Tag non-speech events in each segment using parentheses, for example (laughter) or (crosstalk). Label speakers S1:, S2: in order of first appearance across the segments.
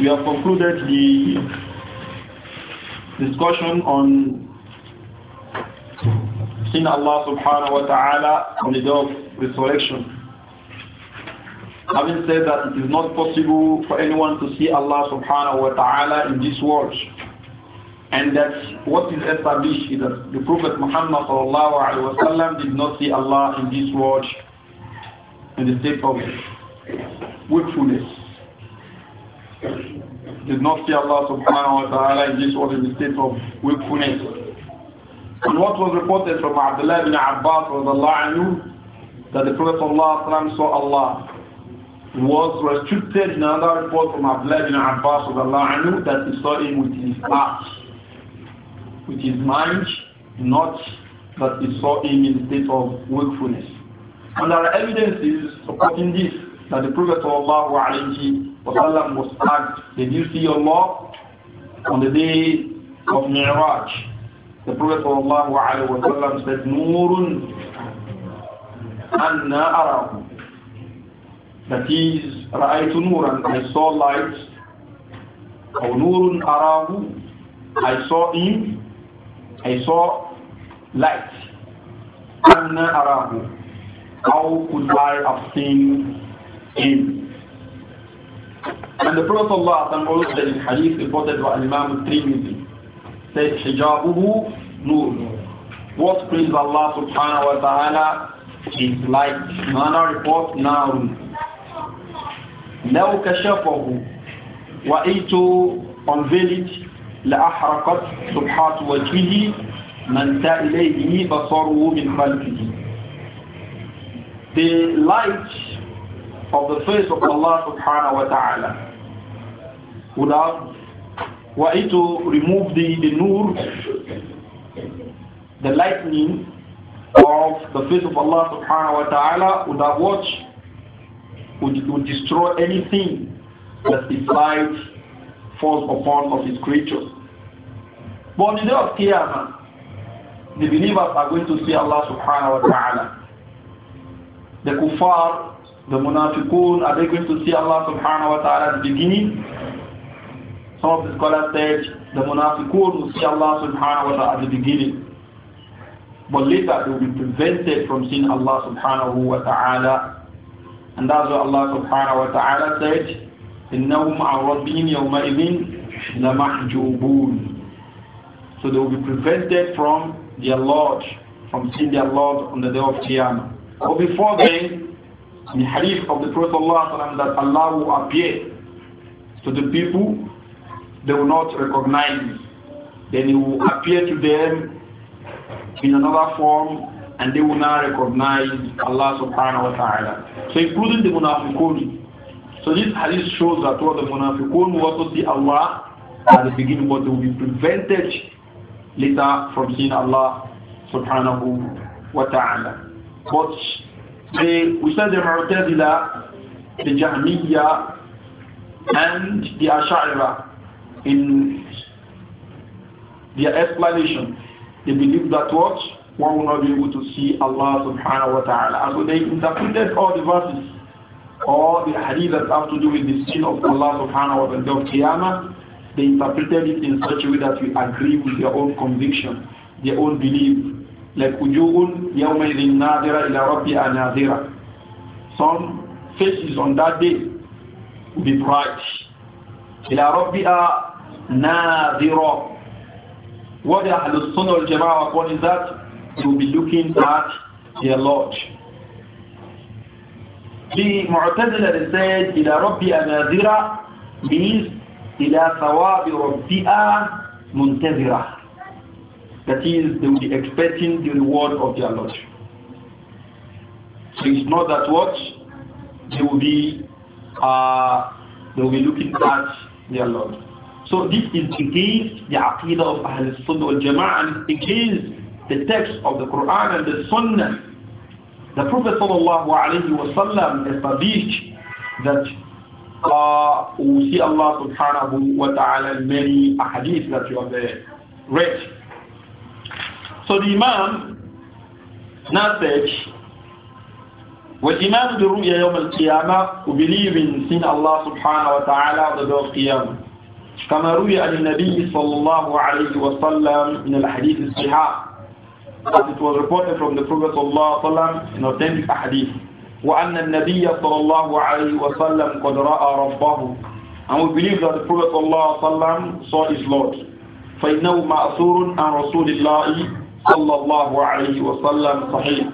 S1: we have concluded the discussion on seeing Allah subhanahu wa ta'ala on the day of resurrection. Having said that it is not possible for anyone to see Allah subhanahu wa ta'ala in this world. And that what is established is that the Prophet Muhammad sallallahu alayhi wa sallam did not see Allah in this world in the state of wakefulness did not see Allah subhanahu wa ta'ala in this was in the state of wakefulness. And what was reported from Abdullah ibn Abbas was Allah knew that the Prophet Allah saw Allah was restricted in another report from Abdullah ibn Abbas of Allah knew that he saw him with his heart, with his mind, not that he saw him in the state of wakefulness. And there are evidences supporting this that the Prophet was alayhi Allah was asked, Did you see Allah on the day of Mi'raj? The Prophet Wasallam said, Nurun Anna Arahu. That is, Ra'aytu Nuran, I saw light. Or Nurun Arahu, I saw him, I saw light. Anna Arahu. How could I have seen him? And the Prophet Allah also in hadith reported by Imam Trimidi said, Hijabuhu Nur. What praise Allah subhanahu wa ta'ala is like Mana report now. لو كشفه وإن to unveil it لأحرقت سبحات وجهه من إليه بصره من خلفه The light of the face of Allah subhanahu wa ta'ala. Would have were it to remove the, the nur, the lightning of the face of Allah subhanahu wa ta'ala would have watched, Would, would destroy anything that His light falls upon of his creatures. But on the day of Qiyamah, the believers are going to see Allah subhanahu wa ta'ala. The kuffar the munafiqun, are they going to see Allah subhanahu wa ta'ala at the beginning? Some of the scholars said the munafiqun will see Allah subhanahu wa ta'ala at the beginning. But later they will be prevented from seeing Allah subhanahu wa ta'ala. And that's what Allah subhanahu wa ta'ala said, إِنَّهُمْ عَنْ رَبِّهِمْ يَوْمَئِذٍ لَمَحْجُوبُونَ So they will be prevented from their Lord, from seeing their Lord on the day of Qiyamah. But before then, the hadith of the Prophet Allah, that Allah will appear to the people, they will not recognize him. Then he will appear to them in another form and they will not recognize Allah subhanahu wa ta'ala. So including the munafiqun. So this hadith shows that all the munafiqun will also see Allah at the beginning but they will be prevented later from seeing Allah subhanahu wa ta'ala. But they we said the Mu'tazila, the Jahmiya, and the Ash'ara in their explanation. They believe that what? One will not be able to see Allah subhanahu wa ta'ala. And so they interpreted all the verses, all the hadith that have to do with the sin of Allah subhanahu wa ta'ala, Qiyamah, they interpreted it in such a way that we agree with their own conviction, their own belief, like ujuhun yawmaydhin ناظرة إلى rabbiha nadira. Some faces on that day will be bright. إلى rabbiha nadira. What the Ahlul Sunnah wal is that you will be looking at their Lord. The Mu'tazila said إلى ربي nadira means إلى thawabi rabbiha منتظره That is, they will be expecting the reward of their Lord. So it's not that what they will be uh, they will be looking at their Lord. So this is against the aqidah of Ahl Sunnah al Jama'ah and against the text of the Quran and the Sunnah. The Prophet sallallahu alayhi wasallam established that uh, we see Allah subhanahu wa ta'ala many ahadith that you have uh, read. So the Imam now the Ruya Yom Al Qiyamah, who believe in seeing Allah subhanahu wa ta'ala the day of Qiyamah. كما روي عن النبي صلى الله عليه وسلم من الحديث الصحيح as it was reported from the Prophet صلى الله عليه وسلم in authentic hadith وأن النبي صلى الله عليه وسلم قد رأى ربه and we believe that the Prophet صلى الله عليه وسلم saw his Lord فإنه مأثور عن رسول الله صلى الله عليه وسلم صحيح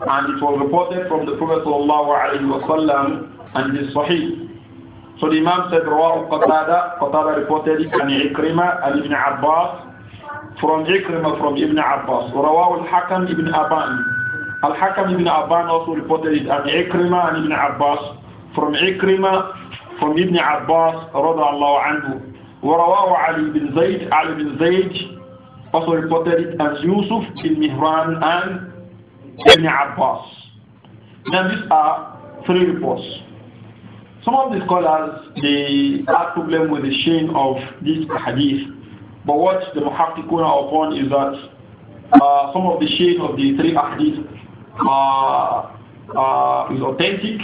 S1: And it was reported from the Prophet صلى الله عليه وسلم and it is So the Imam said, رواه Qatada, قتادة reported it, and Ikrimah, and Ibn Abbas, from Ikrimah, from Ibn Abbas. ورواه Al-Hakam, Ibn Aban. Al-Hakam, Ibn Aban also reported it, and Ikrimah, and Ibn Abbas, from Ikrimah, from Ibn Abbas, رضي الله عنه. ورواه علي بن زيد علي بن زيد also reported it as Yusuf in Mihran and Ibn Abbas. Now these are three reports. Some of the scholars they have problem with the chain of this hadith, but what the muhaqqiqun are upon is that uh, some of the chain of the three hadith uh, uh, is authentic,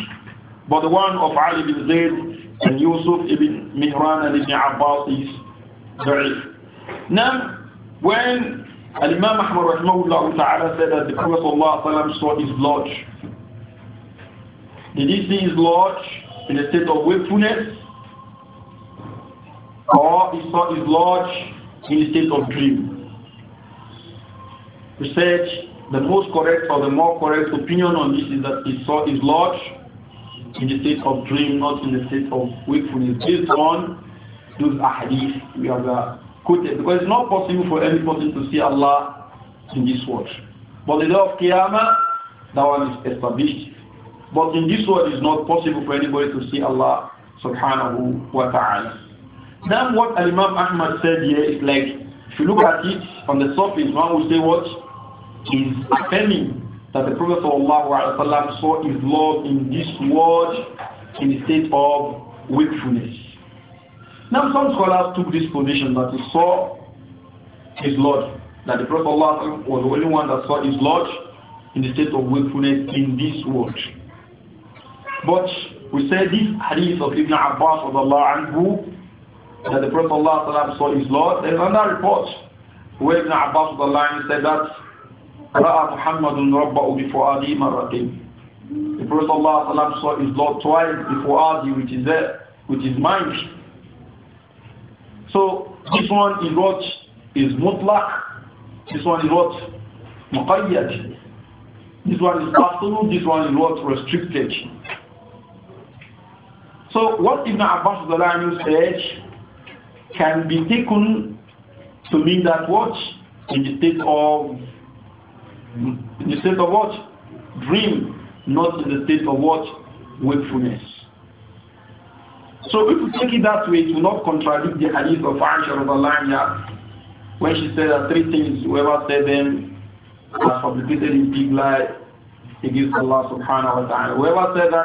S1: but the one of Ali ibn Zayd and Yusuf ibn Mihran and Ibn Abbas is da'if. Now when Imam Ahmad rahimahullah ta'ala said that the Prophet sallallahu saw his lodge, did he see his lodge in a state of wakefulness? Or he saw his lodge in a state of dream? We said the most correct or the more correct opinion on this is that he saw his lodge in the state of dream, not in the state of wakefulness, based on those ahadith we have uh, quoted because it's not possible for anybody to see Allah in this world. But the day of Qiyamah, that one is established. But in this world, it's not possible for anybody to see Allah subhanahu wa ta'ala. Then what Imam Ahmad said here is like, if you look at it on the surface, one would say what is affirming that the Prophet saw his love in this world in the state of wakefulness. Now some scholars took this position that he saw his Lord, that the Prophet Allah was the only one that saw his Lord in the state of wakefulness in this world. But we said this hadith of Ibn Abbas of Allah anhu, that the Prophet Allah saw his Lord. There is another report where Ibn Abbas of Allah said that Muhammadun محمد ربه بفؤاده مرتين The Prophet Allah saw his Lord twice before which is there, which is mind. So this one is what is mutlaq, this one is what muqayyad, this one is absolute, this one is what restricted. So what Ibn Abbas said can be taken to mean that what in the state of in the state of what dream, not in the state of what wakefulness. So if you take it that way, it will not contradict the hadith of Aisha Rabalanya when she said that three things, whoever said them has fabricated in big lie against Allah subhanahu wa ta'ala. Whoever said that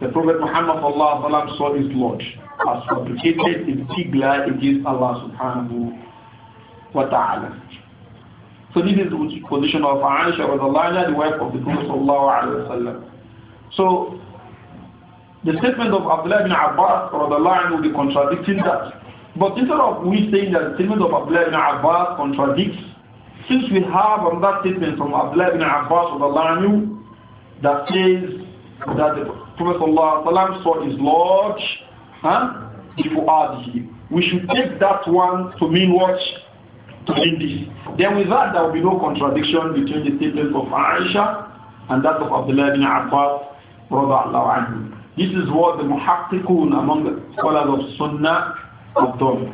S1: the Prophet Muhammad Allah saw his Lord has fabricated in big lie against Allah subhanahu wa ta'ala. So this is the position of Aisha Rabalanya, the wife of the Prophet Sallallahu Alaihi Wasallam. So the statement of Abdullah ibn Abbas or the line will be contradicting that. But instead of we saying that the statement of Abdullah ibn Abbas contradicts, since we have on that statement from Abdullah ibn Abbas or the line that says that the Prophet ﷺ saw his Lord huh, before Adi, we should take that one to mean what? To mean this. Then with that, there will be no contradiction between the statement of Aisha and that of Abdullah ibn Abbas, brother Allah this is what the muhaqqiqun among the scholars of Sunnah have done.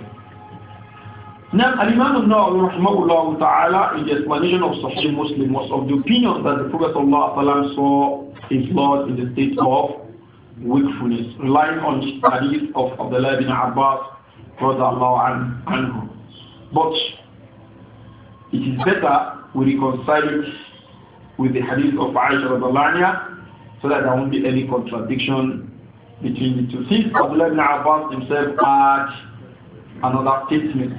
S1: Now, Al-Imam al-Nawawi ta'ala in the explanation of Sahih Muslim was of the opinion that the Prophet saw his Lord in the state of wakefulness, relying on the hadith of Abdullah bin Abbas anhu. But it is better we reconcile it with the hadith of Aisha anha so that there won't be any contradiction between the two. Since Abdullah ibn Abbas himself had another statement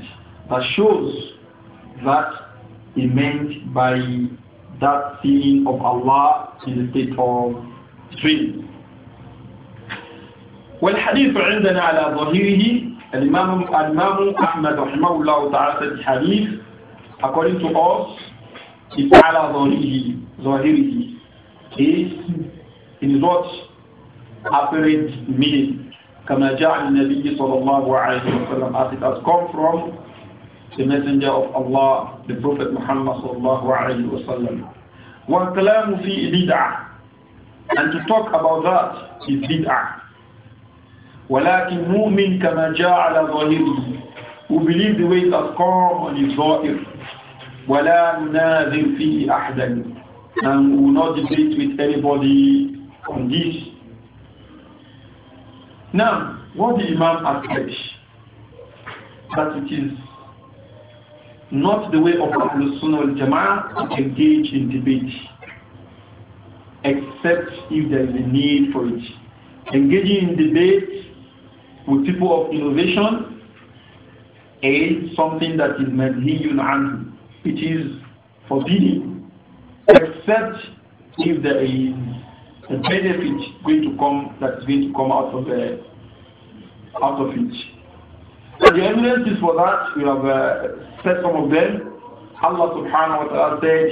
S1: that shows that he meant by that seeing of Allah in the state of dream. والحديث عندنا على ظهيره الإمام الإمام أحمد رحمه الله تعالى الحديث according to us is على ظهيره ظهيره is in what apparent meaning. كما جاء النبي صلى الله عليه وسلم as it has come from the messenger of Allah the prophet Muhammad صلى الله عليه وسلم والكلام في bid'ah? and to talk about that is bid'ah. ولكن مؤمن كما جاء على who believe the way it has come on his ظاهر ولا نناذر فيه أحدا and will not debate with anybody on this. Now, what the Imam has said, that it is not the way of the Sunnah wal Jama'ah to engage in debate, except if there is a need for it. Engaging in debate with people of innovation is something that is manhiyun anhu. It is forbidden, except if there is a benefit going to come that is going to come out of the uh, out of it. And the evidences for that we have uh, said some of them. Allah subhanahu wa ta'ala says,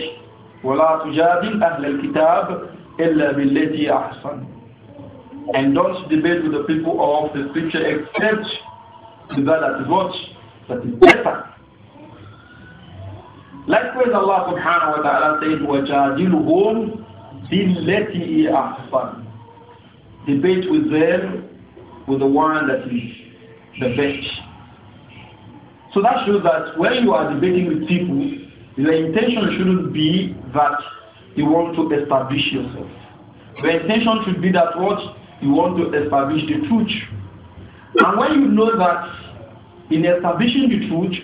S1: وَلَا تُجَادِلْ أَهْلَ الْكِتَابِ إِلَّا بِالَّتِي ahsan.'" And don't debate with the people of the scripture except the that that is what? That is better. Likewise, Allah subhanahu wa ta'ala says, وَجَادِلُهُمْ let بِالَّتِي أَحْسَنُ Debate with them with the one that is the best. So that shows that when you are debating with people, the intention shouldn't be that you want to establish yourself. The intention should be that what you want to establish the truth. And when you know that in establishing the truth,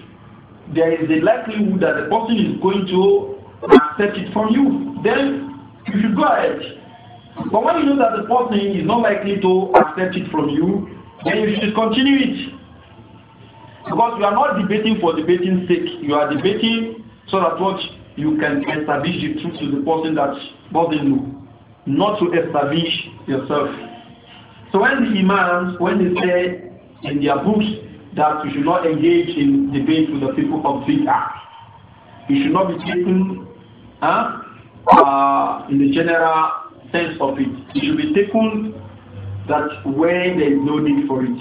S1: there is a likelihood that the person is going to accept it from you, then you should go ahead. But when you know that the person is not likely to accept it from you, then you should continue it. Because you are not debating for debating's sake. You are debating so that what you can establish the truth to the person that bothers you, not to establish yourself. So when the imams, when they say in their books that you should not engage in debate with the people of bid'ah, you should not be taken huh, uh, in the general sense of it. It should be taken that when there is no need for it.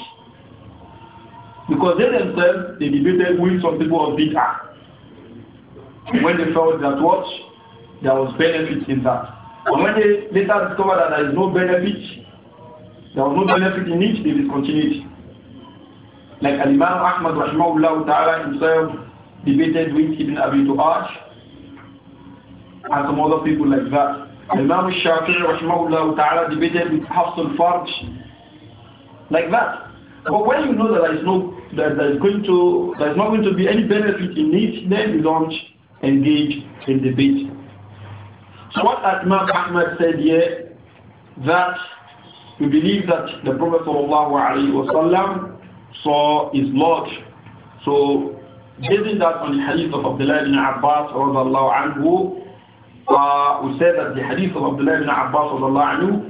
S1: Because they themselves, they debated with some people of Bid'ah. When they felt that what? There was benefit in that. And when they later discovered that there is no benefit, there was no benefit in it, they discontinued it. Like Al-Imam Ahmad Rahimahullah Ta'ala himself debated with Ibn Abi Du'ash and some other people like that. Imam Shafi'i rahimahullah ta'ala debated with Hafs al-Farj like that. But when you know that there is no that there is going to there is not going to be any benefit in it, then you don't engage in debate. So what Imam Ahmad said here that we believe that the Prophet wasallam saw his Lord. So basing that on the hadith of Abdullah ibn Abbas فأستاذت لحديث عبد الله بن عباس رضي الله عنه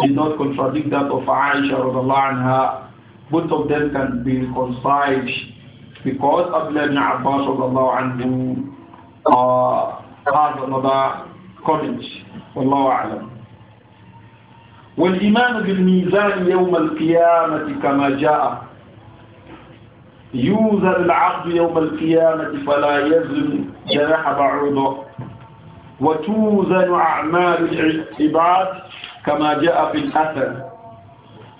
S1: did not contradict that of Aisha رضي الله عنها both of them can be concise because عبد الله بن عباس رضي الله عنه uh, has another comment والله أعلم والإيمان بالميزان يوم القيامة كما جاء يوزن العبد يوم القيامة فلا يزن جناح بعوضه وتوزن أعمال العباد كما جاء في الأثر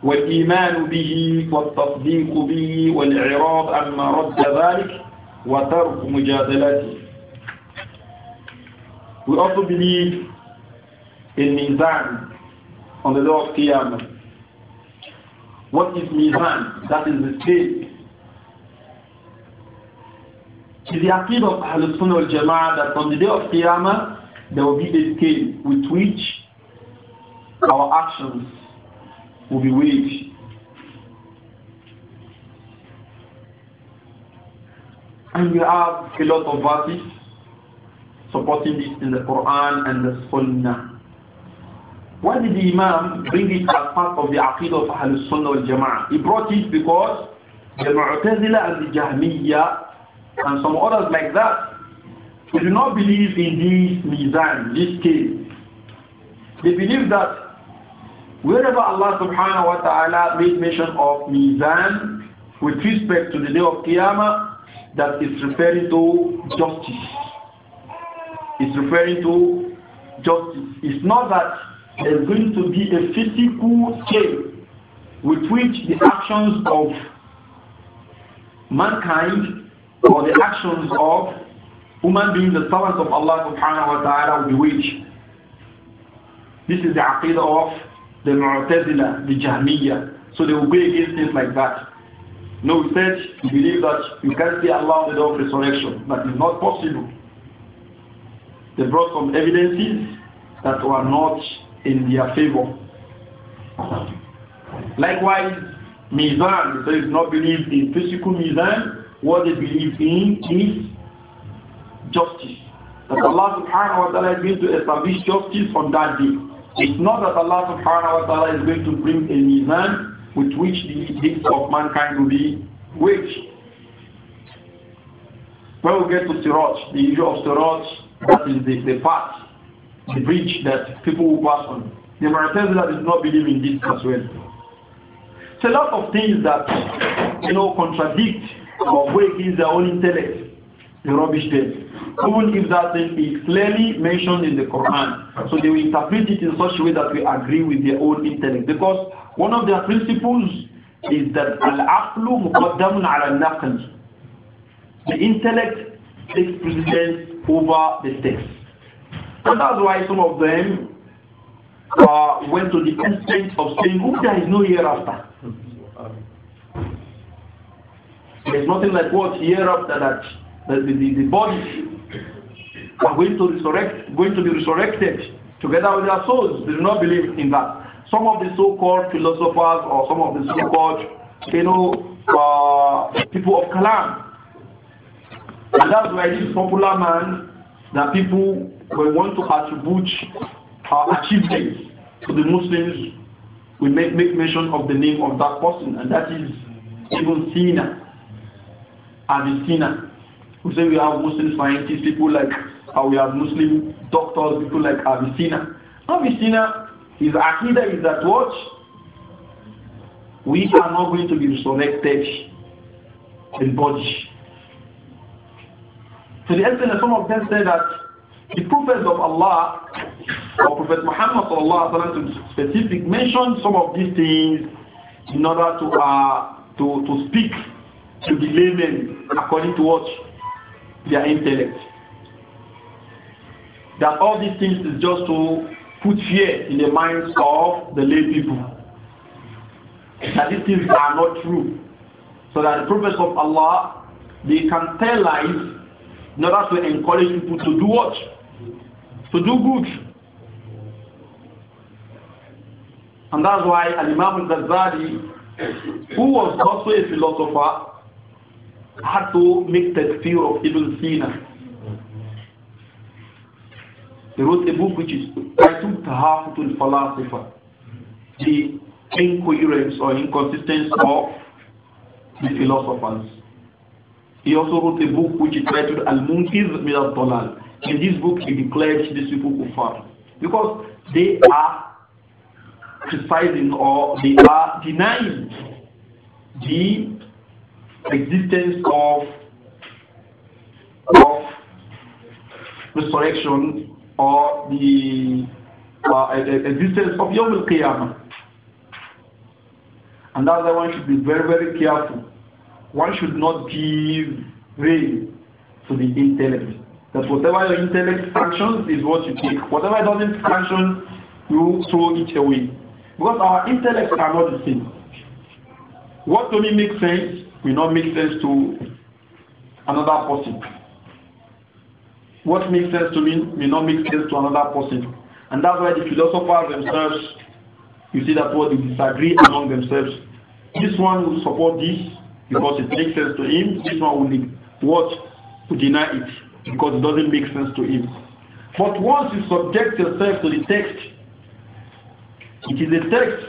S1: والإيمان به والتصديق به والإعراض عما رد ذلك وترك مجادلته We also believe in Mizan on the day of Qiyamah. What is Mizan? That is the state. It is the aqid of Ahlul Sunnah al Jama'ah that on the day of Qiyamah there will be a scale with which our actions will be weighed. And we have a lot of verses supporting this in the Quran and the Sunnah. Why did the Imam bring it as part of the Aqidah of Ahlul Sunnah al Jama'ah? He brought it because the Mu'tazila and the Jahmiyyah and some others like that they do not believe in this mizan, this scale. They believe that wherever Allah subhanahu wa ta'ala made mention of mizan with respect to the day of Qiyamah, that is referring to justice. It's referring to justice. It's not that there's going to be a physical scale with which the actions of mankind or the actions of human beings, the servants of Allah subhanahu wa ta'ala will which? This is the aqidah of the Mu'tazila, the Jahmiyyah. So they will go against things like that. No, we said we believe that you can't see Allah of resurrection. but it's not possible. They brought some evidences that were not in their favor. Likewise, Mizan, they do not believe in physical Mizan. What they believe in is justice.
S2: That Allah subhanahu wa
S1: ta'ala is going to establish justice on that day. It's not that Allah subhanahu wa ta'ala is going to bring a mizan with which the deeds of mankind will be waged. When we get to Sirat, the issue of Sirat, that is the, the path, the bridge that people will pass on. The Maratezla does not believe in this as well. It's a lot of things that, you know, contradict or break is their own intellect. The rubbish they even if that thing is clearly mentioned in the Quran. So they will interpret it in such a way that we agree with their own intellect. Because one of their principles is that al-aqlu muqaddamun ala naql. The intellect takes precedence over the text. And that's why some of them uh, went to the extent of saying, oh, there is no hereafter. There's nothing like what hereafter that, that the, the, the body are going to resurrect, going to be resurrected together with their souls. They do not believe in that. Some of the so-called philosophers or some of the so-called, you know, uh, people of Kalam. And that's why this popular man that people will want to attribute uh, achievements to the Muslims we make, make mention of the name of that person, and that is Ibn Sina, Avicenna. We say we have Muslim scientists, people like how we have Muslim doctors, people like Avicenna. Avicenna, his akida is that what? We are not going to be resurrected in body. So the answer some of them say that the prophets of Allah, or Prophet Muhammad وسلم, specific, mentioned some of these things in order to, uh, to, to speak to the laymen according to what their intellect that all these things is just to put fear in the minds of the lay people. That these things are not true. So that the prophets of Allah, they can tell lies in order to encourage people to do what? To do good. And that's why imam ghazali who was also a philosopher, had to make that fear of Ibn Sina he wrote a book which is titled Tahafutul Falasifa, The Incoherence or Inconsistency of the Philosophers. He also wrote a book which is titled Al-Munkiz Min al In this book he declared these people kufar because they are criticizing or they are denying the existence of of resurrection or the uh, existence of your Al Qiyamah. And that's why one should be very, very careful. One should not give rein to the intellect. That whatever your intellect functions is what you take. Whatever doesn't function, you throw it away. Because our intellects are not the same. What to me makes sense may not make sense to another person what makes sense to me may not make sense to another person. And that's why the philosophers themselves, you see that what they disagree among themselves. This one will support this because it makes sense to him. This one will what will deny it because it doesn't make sense to him. But once you subject yourself to the text, it is a text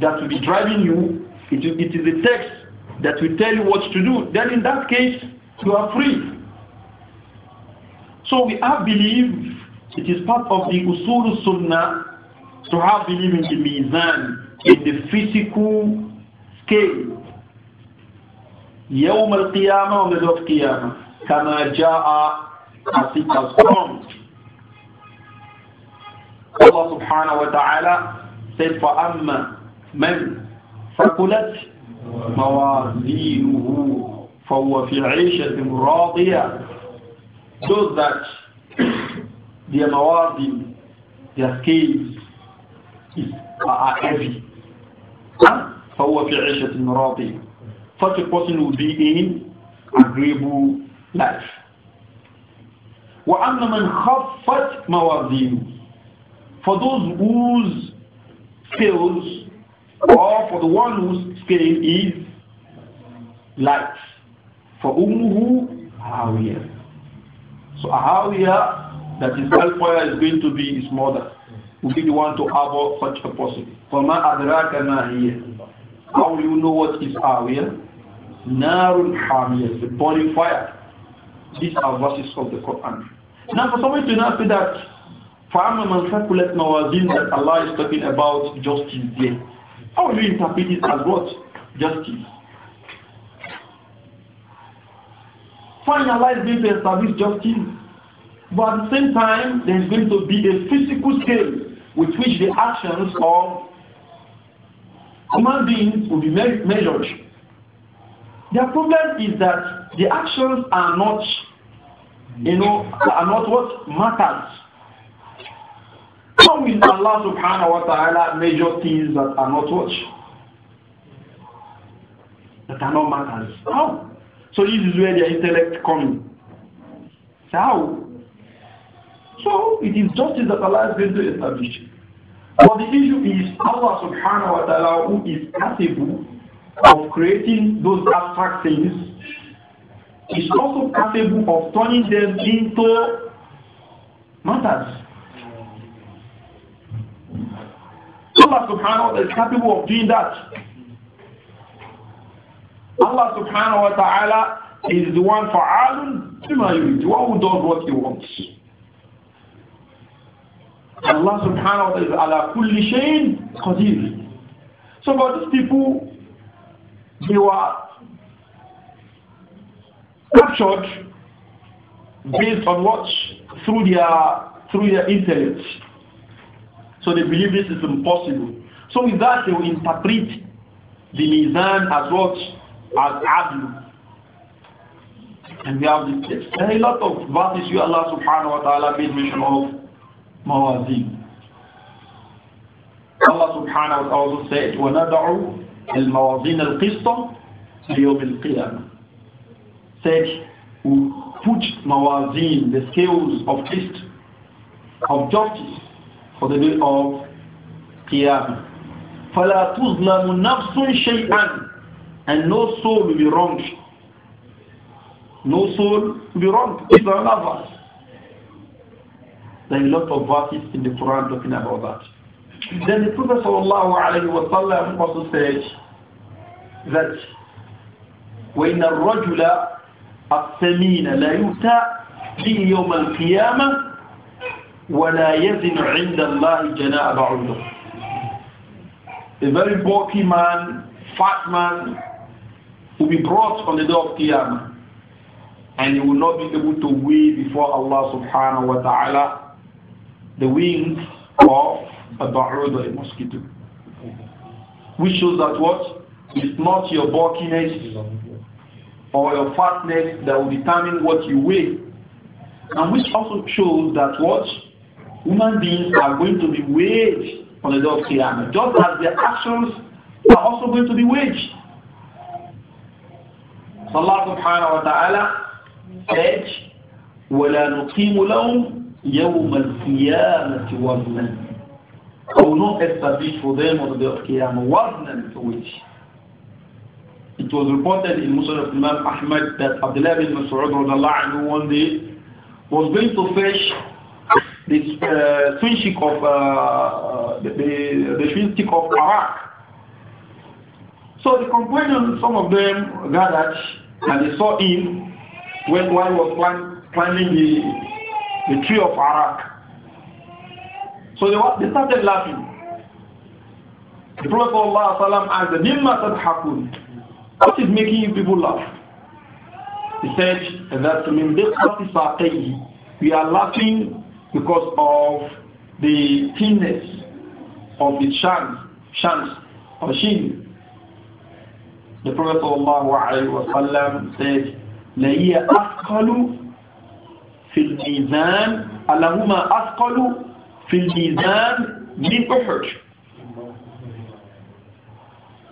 S1: that will be driving you. It is, it is a text that will tell you what to do. Then in that case, you are free. So we have belief, it is part of the usul sunnah to have belief in the mizan, in the physical scale. يوم القيامة on the day of Qiyamah. كما جاء as it has come. Allah subhanahu wa ta'ala said فأما من فقلت موازينه فهو في عيشة راضية Those that (coughs) their mawadim, their scales is, are heavy. فهو في عيشة راضية. Such a person will be in agreeable life. وأما من خفت موازينه for those whose scales or for the one whose scale is light for ummuhu hawiyah so Ahawiya, that his hellfire is going to be his mother, will be the one to harbor such a person. فَمَا أَدْرَاكَ مَا How will you know what is Ahawiya? Narun Hamiyah, the burning fire. These are verses of the Quran. Now for somebody to not say that فَأَمَّا مَنْ ثَقُلَتْ مَوَازِينَ that Allah is talking about justice there. How will you interpret it as what? Justice. Finalize this service establish justice. But at the same time, there is going to be a physical scale with which the actions of human beings will be measured. Their problem is that the actions are not, you know, are not what matters. How will Allah subhanahu wa ta'ala measure things that are not what? That are not matters. How? So this is where their intellect comes. How? So it is justice that Allah is going to establish. But the issue is Allah subhanahu wa ta'ala who is capable of creating those abstract things is also capable of turning them into matters. Allah subhanahu wa ta'ala is capable of doing that. Allah subhanahu wa ta'ala is the one for Alun, the one who does what he wants. Allah subhanahu wa ta'ala is ala kulli shayin qadir. So for these people, they were captured based on what? Through their, through their intellect. So they believe this is impossible. So with that, they will interpret the Mizan as what? as Abdu. And we have this, a lot of verses where Allah subhanahu wa ta'ala made mention of Mawazin. Allah subhanahu wa ta'ala also said, وَنَدَعُ الْمَوَازِينَ الْقِسْطَ لِيَوْمِ الْقِيَامَةِ Said, we put Mawazin, the scales of Christ, of justice, for the day of Qiyamah. فَلَا تُظْلَمُ نَفْسٌ شَيْئًا and no soul will be wronged. No soul will be wronged. These are lovers. There are a lot of verses in the Quran talking about that. Then the Prophet ﷺ also said that وإن الرجل الثمين لا يؤتى به يوم القيامة ولا يَذْنُ عند الله جناء بعوضة. A very bulky man, fat man, will be brought on the day of Qiyamah and you will not be able to weigh before Allah subhanahu wa ta'ala the wings of a ba'ud a mosquito. Which shows that what? It's not your bulkiness or your fatness that will determine what you weigh. And which also shows that what? Human beings are going to be weighed on the day of Qiyamah. Just as their actions are also going to be weighed. فالله سبحانه وتعالى إيش ولا نقيم لهم يوم القيامة وزنا أو not establish for them on the وزنا for It was reported in Muslim Imam Ahmad that Abdullah bin Mas'ud عنه one day was going to fetch this uh, twin stick of uh, the, the, the twin stick of Iraq So the companions, some of them gathered and they saw him when one was climbing the, the tree of Arak. So they, they started laughing. The Prophet ﷺ asked them, Mimma tadhakun? What is making you people laugh? He said that min we are laughing because of the thinness of the chance, chance or shin The Prophet ﷺ said, هي أَثْقَلُ فِي الْمِيزَانِ أَلَهُمَا أَثْقَلُ فِي الْمِيزَانِ مِنْ أُحُدٍ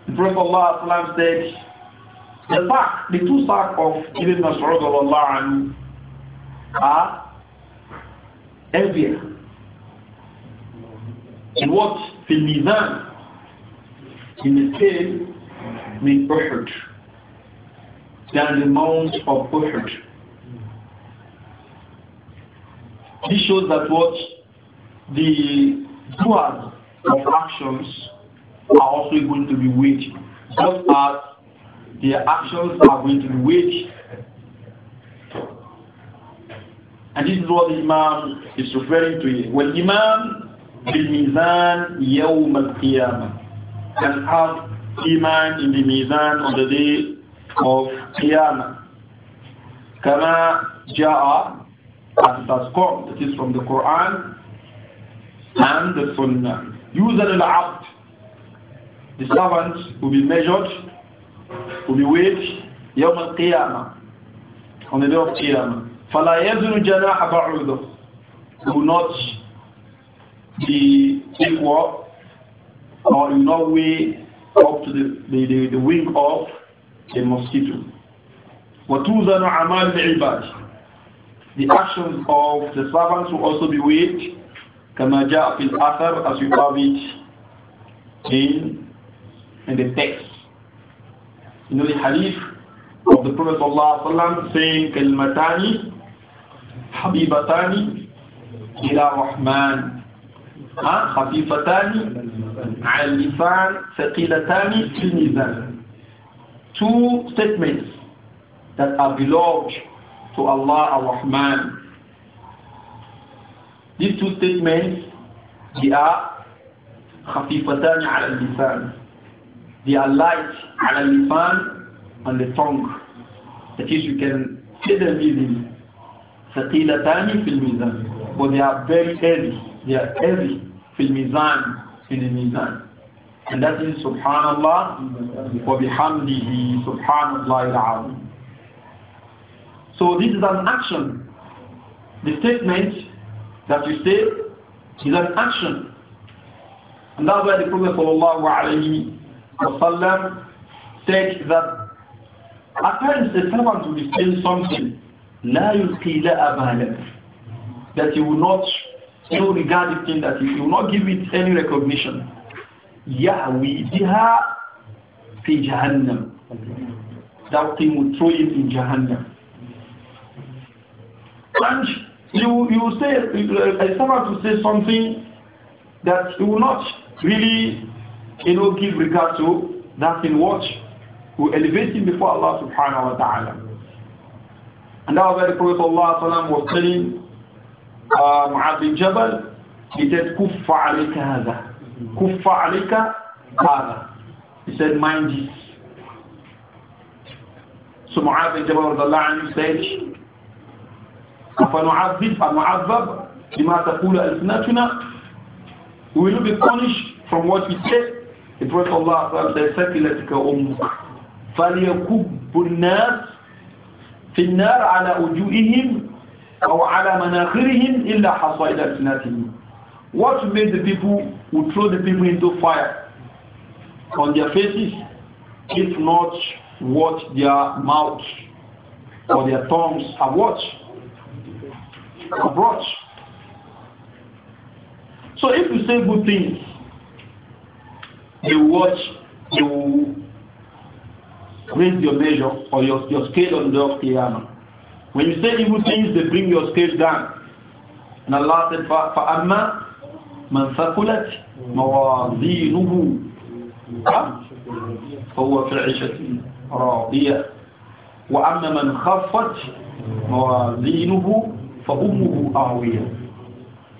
S1: The Prophet وسلم said, the sack, the two sack of Ibn Mas'ud are heavier. In what? In Mizan, in the scale min Uhud than the Mount of Uhud. This shows that what the doers of actions are also going to be weighed, just as their actions are going to be weighed. And this is what the Imam is referring to. When Imam Yawm Al Qiyamah can have iman in the mizan on the day of Qiyamah. Kama ja'a as has come, that is from the Quran and the Sunnah. Yuzan al-abd, the servant will be measured, will be weighed, al القيامة on the day of Qiyamah. فلا يزن جناح بعوضة will not be equal or in no way up to the, the, the, the wing of a mosquito. وَتُوزَنُ عَمَالِ الْعِبَادِ The actions of the servants will also be weighed كما جاء في الأثر as you have it in, in the text. You know the hadith of the Prophet ﷺ saying كلمتان حبيبتان إلى الرحمن خفيفتان على اللسان ثقيلتان في الميزان two statements that are belong to Allah Ar-Rahman these two statements they are خفيفتان على اللسان they are light على اللسان on the tongue that is you can say them easily ثقيلتان في الميزان but they are very heavy they are heavy fil mizan in the mizan. And that is subhanallah wa bihamdihi subhanallah al So this is an action. The statement that you say is an action. And that's why the Prophet sallallahu alayhi wa said that at times the servant will be something لا يلقي لا أبالا that he will not he will regard the thing that he will not give it any recognition. Yahwi biha fi jahannam. That thing will throw it in Jahannam. And you, you say, uh, I started to say something that you will not really, you know, give regard to that in what will elevate him before Allah subhanahu wa ta'ala. And that was Prophet Allah Prophet was telling آه، معاذ بن جبل he said كف عليك هذا كف عليك هذا he said mind this so معاذ بن جبل رضي الله عنه said أفنعذب أنعذب بما تقول ألسنتنا we will be punished from what we said the Prophet Allah said سكلتك أمك فليكب الناس في النار على وجوههم أو على مناخرهم إلا حصائد ألسنتهم What made the people who throw the people into fire on their faces, if not what their mouths or their tongues have watched Have brought. So if you say good things, they watch, they will raise your measure or your, your scale on the piano. When you say evil things, they bring your scale down. And Allah said, فَأَمَّا مَنْ ثَقُلَتْ مَوَازِينُهُ فهو في العيشة راضية وأما من خفت موازينه فأمه أعوية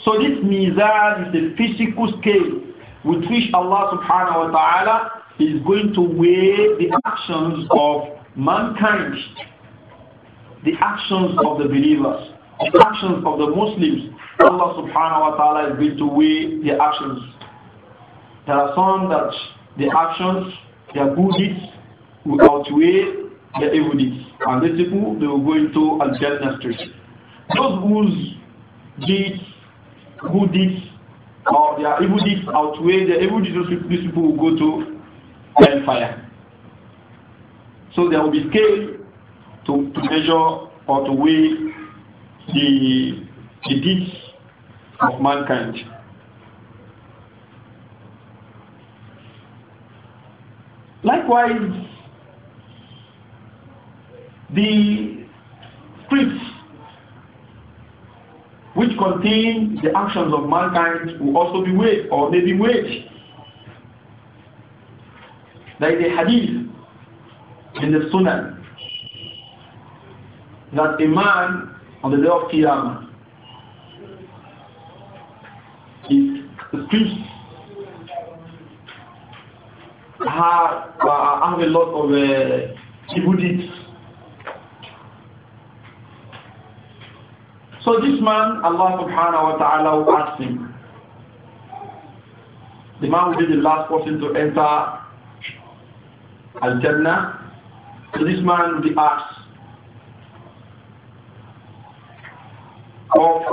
S1: So this mizan is a physical scale with which Allah subhanahu wa ta'ala is going to weigh the actions of mankind the actions of the believers, the actions of the Muslims. Allah subhanahu wa ta'ala is going to weigh the actions. There are some that the actions, their good deeds will outweigh their evil deeds. And these people, they will go into Al-Jannah street. Those whose deeds, good deeds, or their evil deeds outweigh their evil deeds, these people will go to hellfire. So there will be scale to, to measure or to weigh the, the deeds of mankind. Likewise, the scripts which contain the actions of mankind will also be weighed or may be weighed. There is a hadith in the Sunnah that a man on the day of Qiyamah is stripped have, uh, have a lot of uh, So this man, Allah subhanahu wa ta'ala will ask him. The man will be the last person to enter Al-Jannah. So this man will be asked,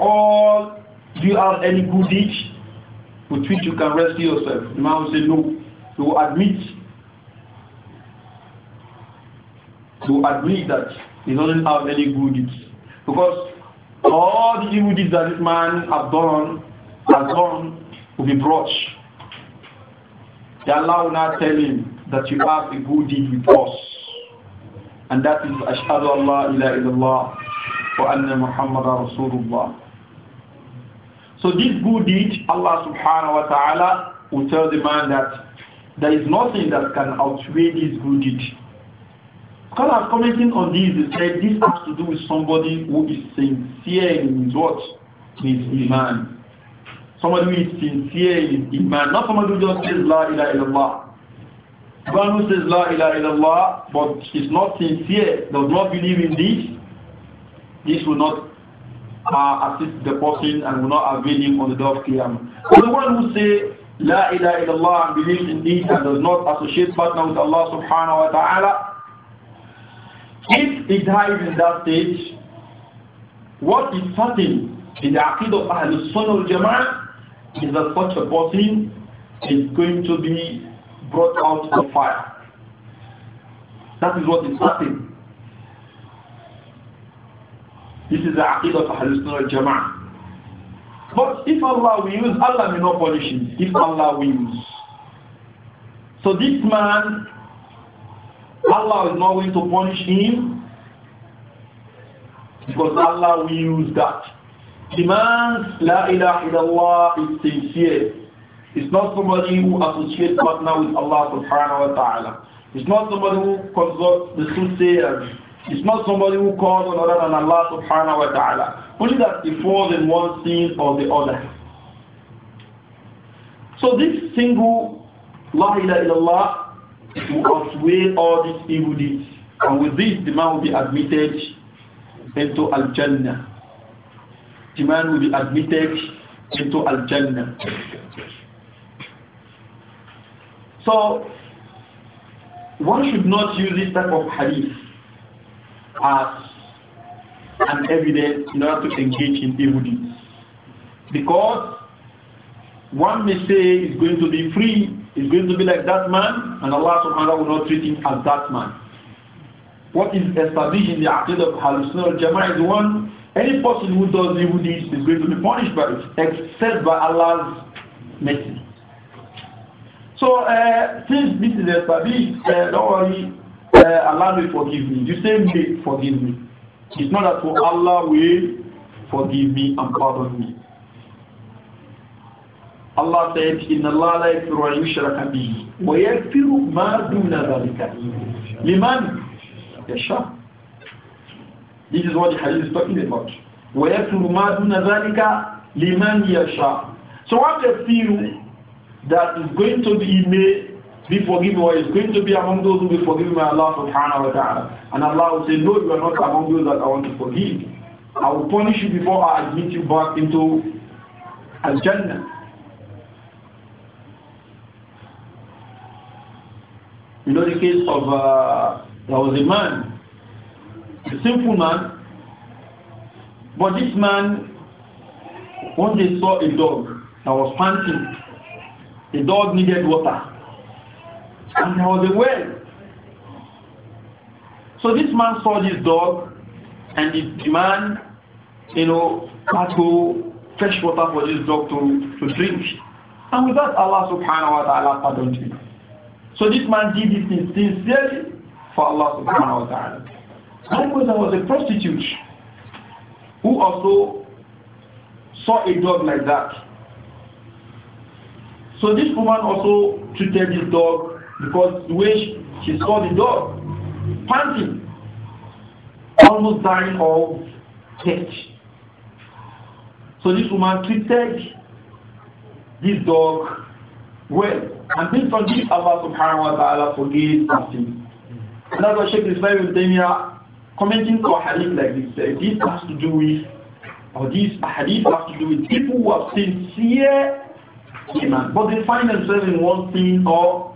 S1: all, do you have any good deed with which you can rescue yourself? The man will say, no. He will admit. He will admit that he doesn't have any good deeds. Because all the evil deeds that this man has done, has done will be brought. The Allah will not tell him that you have a good deed with us. And that is Ashhadu Allah ila illallah wa anna Rasulullah. So this good deed, Allah subhanahu wa ta'ala will tell the man that there is nothing that can outweigh this good deed. Scholars commenting on this, they said this has to do with somebody who is sincere in his what? In his iman. Somebody who is sincere in his iman. Not somebody who just says la ilaha illallah. One who says la ilaha illallah but is not sincere, does not believe in this, this will not uh, as the person and will not avail him on the day of Qiyamah. So the one who say La ilaha illallah and believes in this and does not associate partner with Allah subhanahu wa ta'ala, if he dies in that stage, what is certain in the Aqid of Ahlul Sunnah al-Jama'ah is that such a person is going to be brought out of fire. That is what is certain. This is the aqidah of Ahlul Jama'ah. But if Allah wills, Allah may not punish him. If Allah wills. So this man, Allah is not going to punish him because Allah wills that. man's La ilaha illallah is sincere. It's not somebody who associates partner with Allah subhanahu wa ta'ala. It's not somebody who consults the soothsayers it's not somebody who calls on other than Allah subhanahu wa ta'ala. Only that he falls in one sin or the other. So this single La ilaha illallah will outweigh all these evil deeds. And with this, the man will be admitted into Al Jannah. The man will be admitted into Al Jannah. So, one should not use this type of hadith as an evidence in order to engage in evil deeds. Because one may say is going to be free, is going to be like that man, and Allah subhanahu will not treat him as that man. What is established in the Aqid of Halusunnah al-Jama'ah is one, any person who does evil deeds is going to be punished by it, except by Allah's mercy. So uh, since this is established, uh, don't worry, uh, Allah will forgive me. You say, may forgive me. It's not that for oh, Allah will forgive me and pardon me. Allah said, in الله لا يغفر أن يشرك به ويغفر ما دون ذلك This is what the hadith is talking about. ويغفر ما دون ذلك liman yasha. So what the feel that is going to be made be forgiven or is going to be among those who will be forgiven by Allah subhanahu wa ta'ala. And Allah will say, no, you are not among those that I want to forgive. I will punish you before I admit you back into Al-Jannah. You know the case of, uh, there was a man, a simple man, but this man, one day saw a dog that was panting. The dog needed water and there was a well. So this man saw this dog and the man, you know, had to fresh water for this dog to, to drink. And with that, Allah subhanahu wa ta'ala pardoned him. So this man did thing sincerely for Allah subhanahu wa ta'ala. Likewise, there was a prostitute who also saw a dog like that. So this woman also treated this dog because the way she, she saw the dog panting, almost dying of thirst. So this woman treated this dog well. And based on this, Allah subhanahu wa ta'ala forgave something. And that's why Sheikh Islam ibn Taymiyyah commenting to a hadith like this. Uh, this has to do with, or this hadith has to do with people who are sincere iman, but they find themselves in one thing or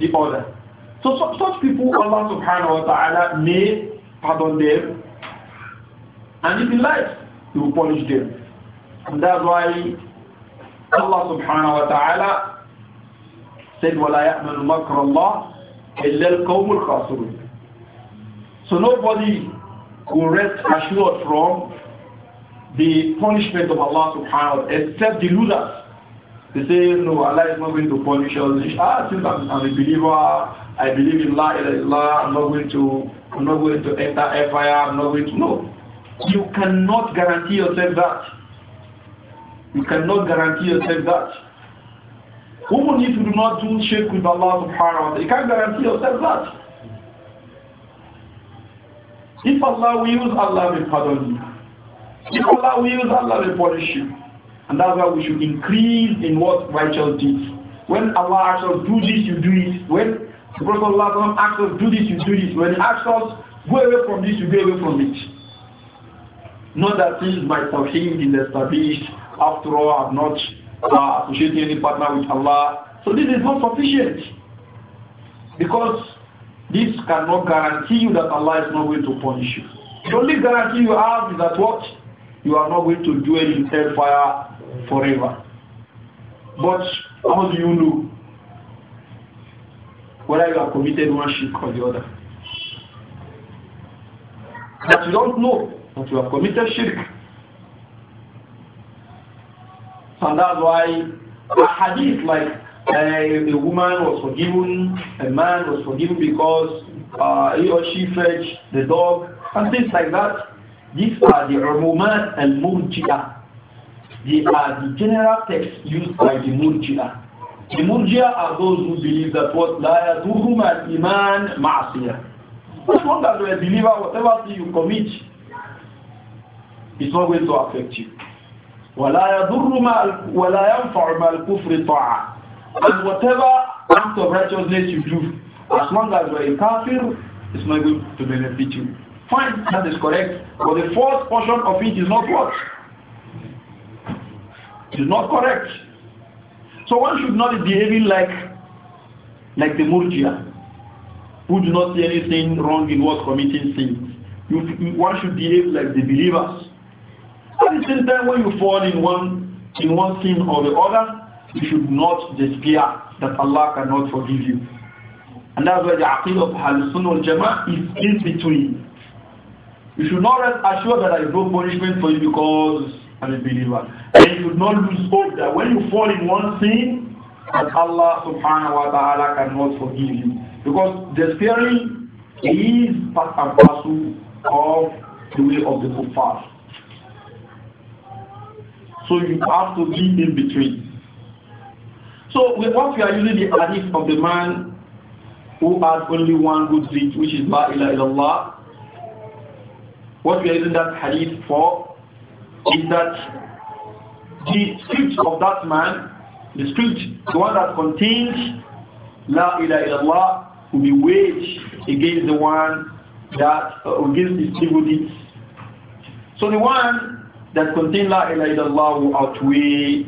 S1: the other. So, so such people, Allah subhanahu wa ta'ala may pardon them, and if he likes, he will punish them. And that's why Allah subhanahu wa ta'ala said, وَلَا يَأْمَنُ مَكْرَ اللَّهِ إِلَّا الْقَوْمُ الْخَاسِرُونَ So nobody will rest assured from the punishment of Allah subhanahu wa ta'ala except the losers. They say, no, Allah is not going to punish us. Ah, since I'm, I'm a believer, I believe in Allah, I'm not going to, I'm not going to enter fire, I'm not going to, no. You cannot guarantee yourself that. You cannot guarantee yourself that. Even if you do not do shirk with Allah subhanahu wa ta'ala, you can't guarantee yourself that. If Allah wills, Allah will pardon you. If Allah wills, Allah will punish you. And that's why we should increase in what righteous deeds. When Allah asks us, do this, you do it. When the Prophet Allah asks us, do this, you do this. When he asks us, go away from this, you go away from it. Not that things by Tawheed the established, after all, i have not uh, associating any partner with Allah. So this is not sufficient. Because this cannot guarantee you that Allah is not going to punish you. The only guarantee you have is that what? You are not going to do any hellfire forever. But how do you know whether you have committed one shirk or the other? That you don't know that you have committed shirk. And that's why a hadith like uh, a woman was forgiven, a man was forgiven because uh, he or she fetched the dog, and things like that. These are the umumat al-murji'ah they are the general texts used by the Murji'a. The Murji'a are those who believe that what la yadurhum al-iman ma'asiyah. As long as you're a believer, whatever you commit, it's not going to affect you. وَلَا يَضُرُّ مَا وَلَا يَنْفَعُ مَا الْكُفْرِ طَاعَةً And whatever act of righteousness you do, as long as you're a kafir, it's not going to benefit you. Fine, that is correct. But the fourth portion of it is not what? It is not correct. So one should not be behaving like, like the Murjia, who do not see anything wrong in what committing sins. You, one should behave like the believers. At the same time, when you fall in one, in one sin or the other, you should not despair that Allah cannot forgive you. And that's why the aqidah of al Jama is in between. You should not rest assured that there is do punishment for you because and a believer. And you should not lose hope that when you fall in one sin, that Allah subhanahu wa ta'ala cannot forgive you. Because despairing is part and parcel of the way of the kuffar. So you have to be in between. So with what we are using the hadith of the man who had only one good deed, which is La ilaha illallah, what we are using that hadith for is that the script of that man, the script, the one that contains La ilaha illallah, will be waged against the one that uh, against his evil deeds. So the one that contains La ilaha illallah will outweigh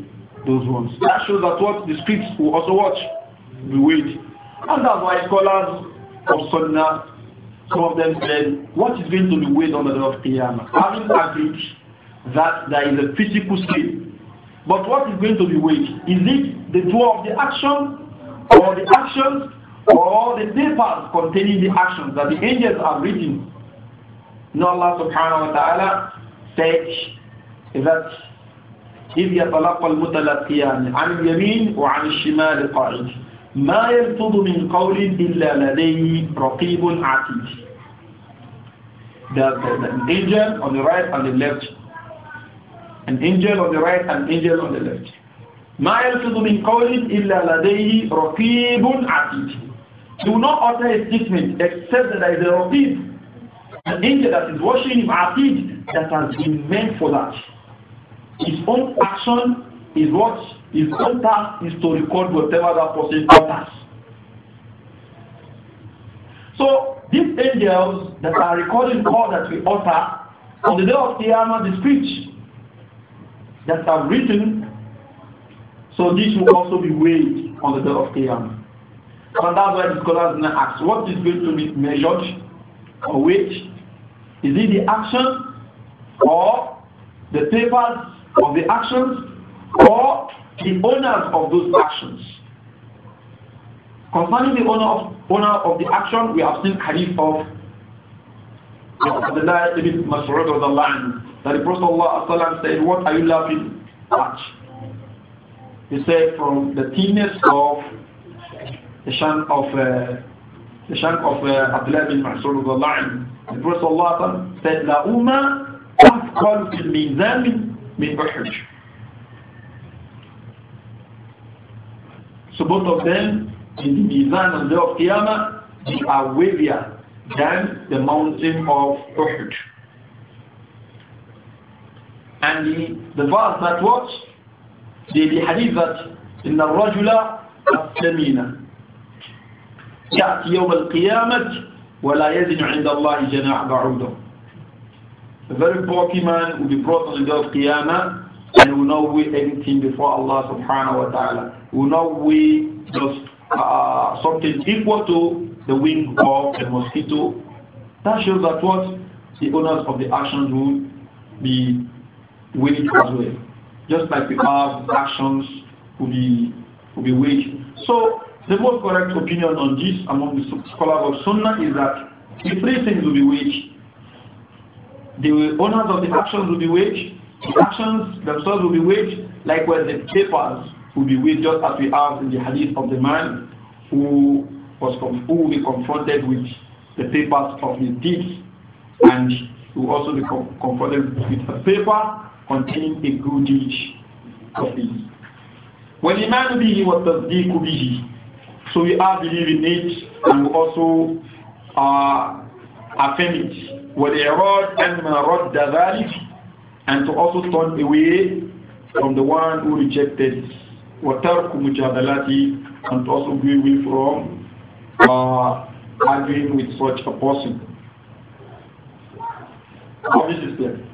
S1: those ones. That shows that what the scripts will also watch be waged. And that's why scholars of Sunnah, some of them said, what is going to be weighed on the day of Qiyamah? Having agreed that there is a physical sleep. But what is going to be wake? Is it the two of the action or the actions or the papers containing the actions that the angels have written? No, Allah subhanahu wa ta'ala said that إذ يتلقى المتلقيان عن اليمين وعن الشمال قاعد ما يلفظ من قول إلا لديه رقيب عتيد The, the, the angel on the right and the left an angel on the right, an angel on the left. ما يلفظ من قول إلا لديه رقيب عتيد. Do not utter a statement except that there is a raqib, an angel that is watching him, atid, that has been meant for that. His own action is what? His own task is to record whatever that person utters. So these angels that are recording all that we utter on the day of the the speech that are written, so this will also be weighed on the day of Qiyamah. And that's why the scholars now ask, what is going to be measured or weighed? Is it the action or the papers of the actions or the owners of those actions? Concerning the owner of, owner of the action, we have seen hadith of Abdullah ibn Mas'ud that the Prophet ﷺ said, What are you laughing at? He said, From the thinness of the shank of uh, the shank of uh, Abdullah bin Mas'ud the The Prophet ﷺ said, La umma afqal fil mizan min bahj. So both of them in the mizan the day of Qiyamah, they are wavier than the mountain of Uhud and the, the verse that what? The, the hadith that إن الرجل الثمين يأتي يوم القيامة ولا يزن عند الله جناح بعوضة A very poor man will be brought on the day of Qiyamah and will not weigh anything before Allah subhanahu wa ta'ala. Will not weigh just uh, something equal to the wing of a mosquito. That shows that what the owners of the actions will be weigh it as well. Just like we have actions will be will be weighed. So the most correct opinion on this among the scholars of Sunnah is that the three things will be weighed. The owners of the actions will be weighed, the actions themselves will be weighed, likewise the papers will be weighed just as we have in the hadith of the man who was who will be confronted with the papers of his deeds and who also be confronted with a paper containing a good deed of it. When iman bihi wa tasdeeq bihi. So we are believing it and also uh, affirm it. the وَالْإِعْرَاض أَنْ مَنْ رَدَّ ذَلِكَ And to also turn away from the one who rejected what وَتَرْكُ مُجَادَلَاتِ And to also be away from uh, arguing with such a person. Obviously,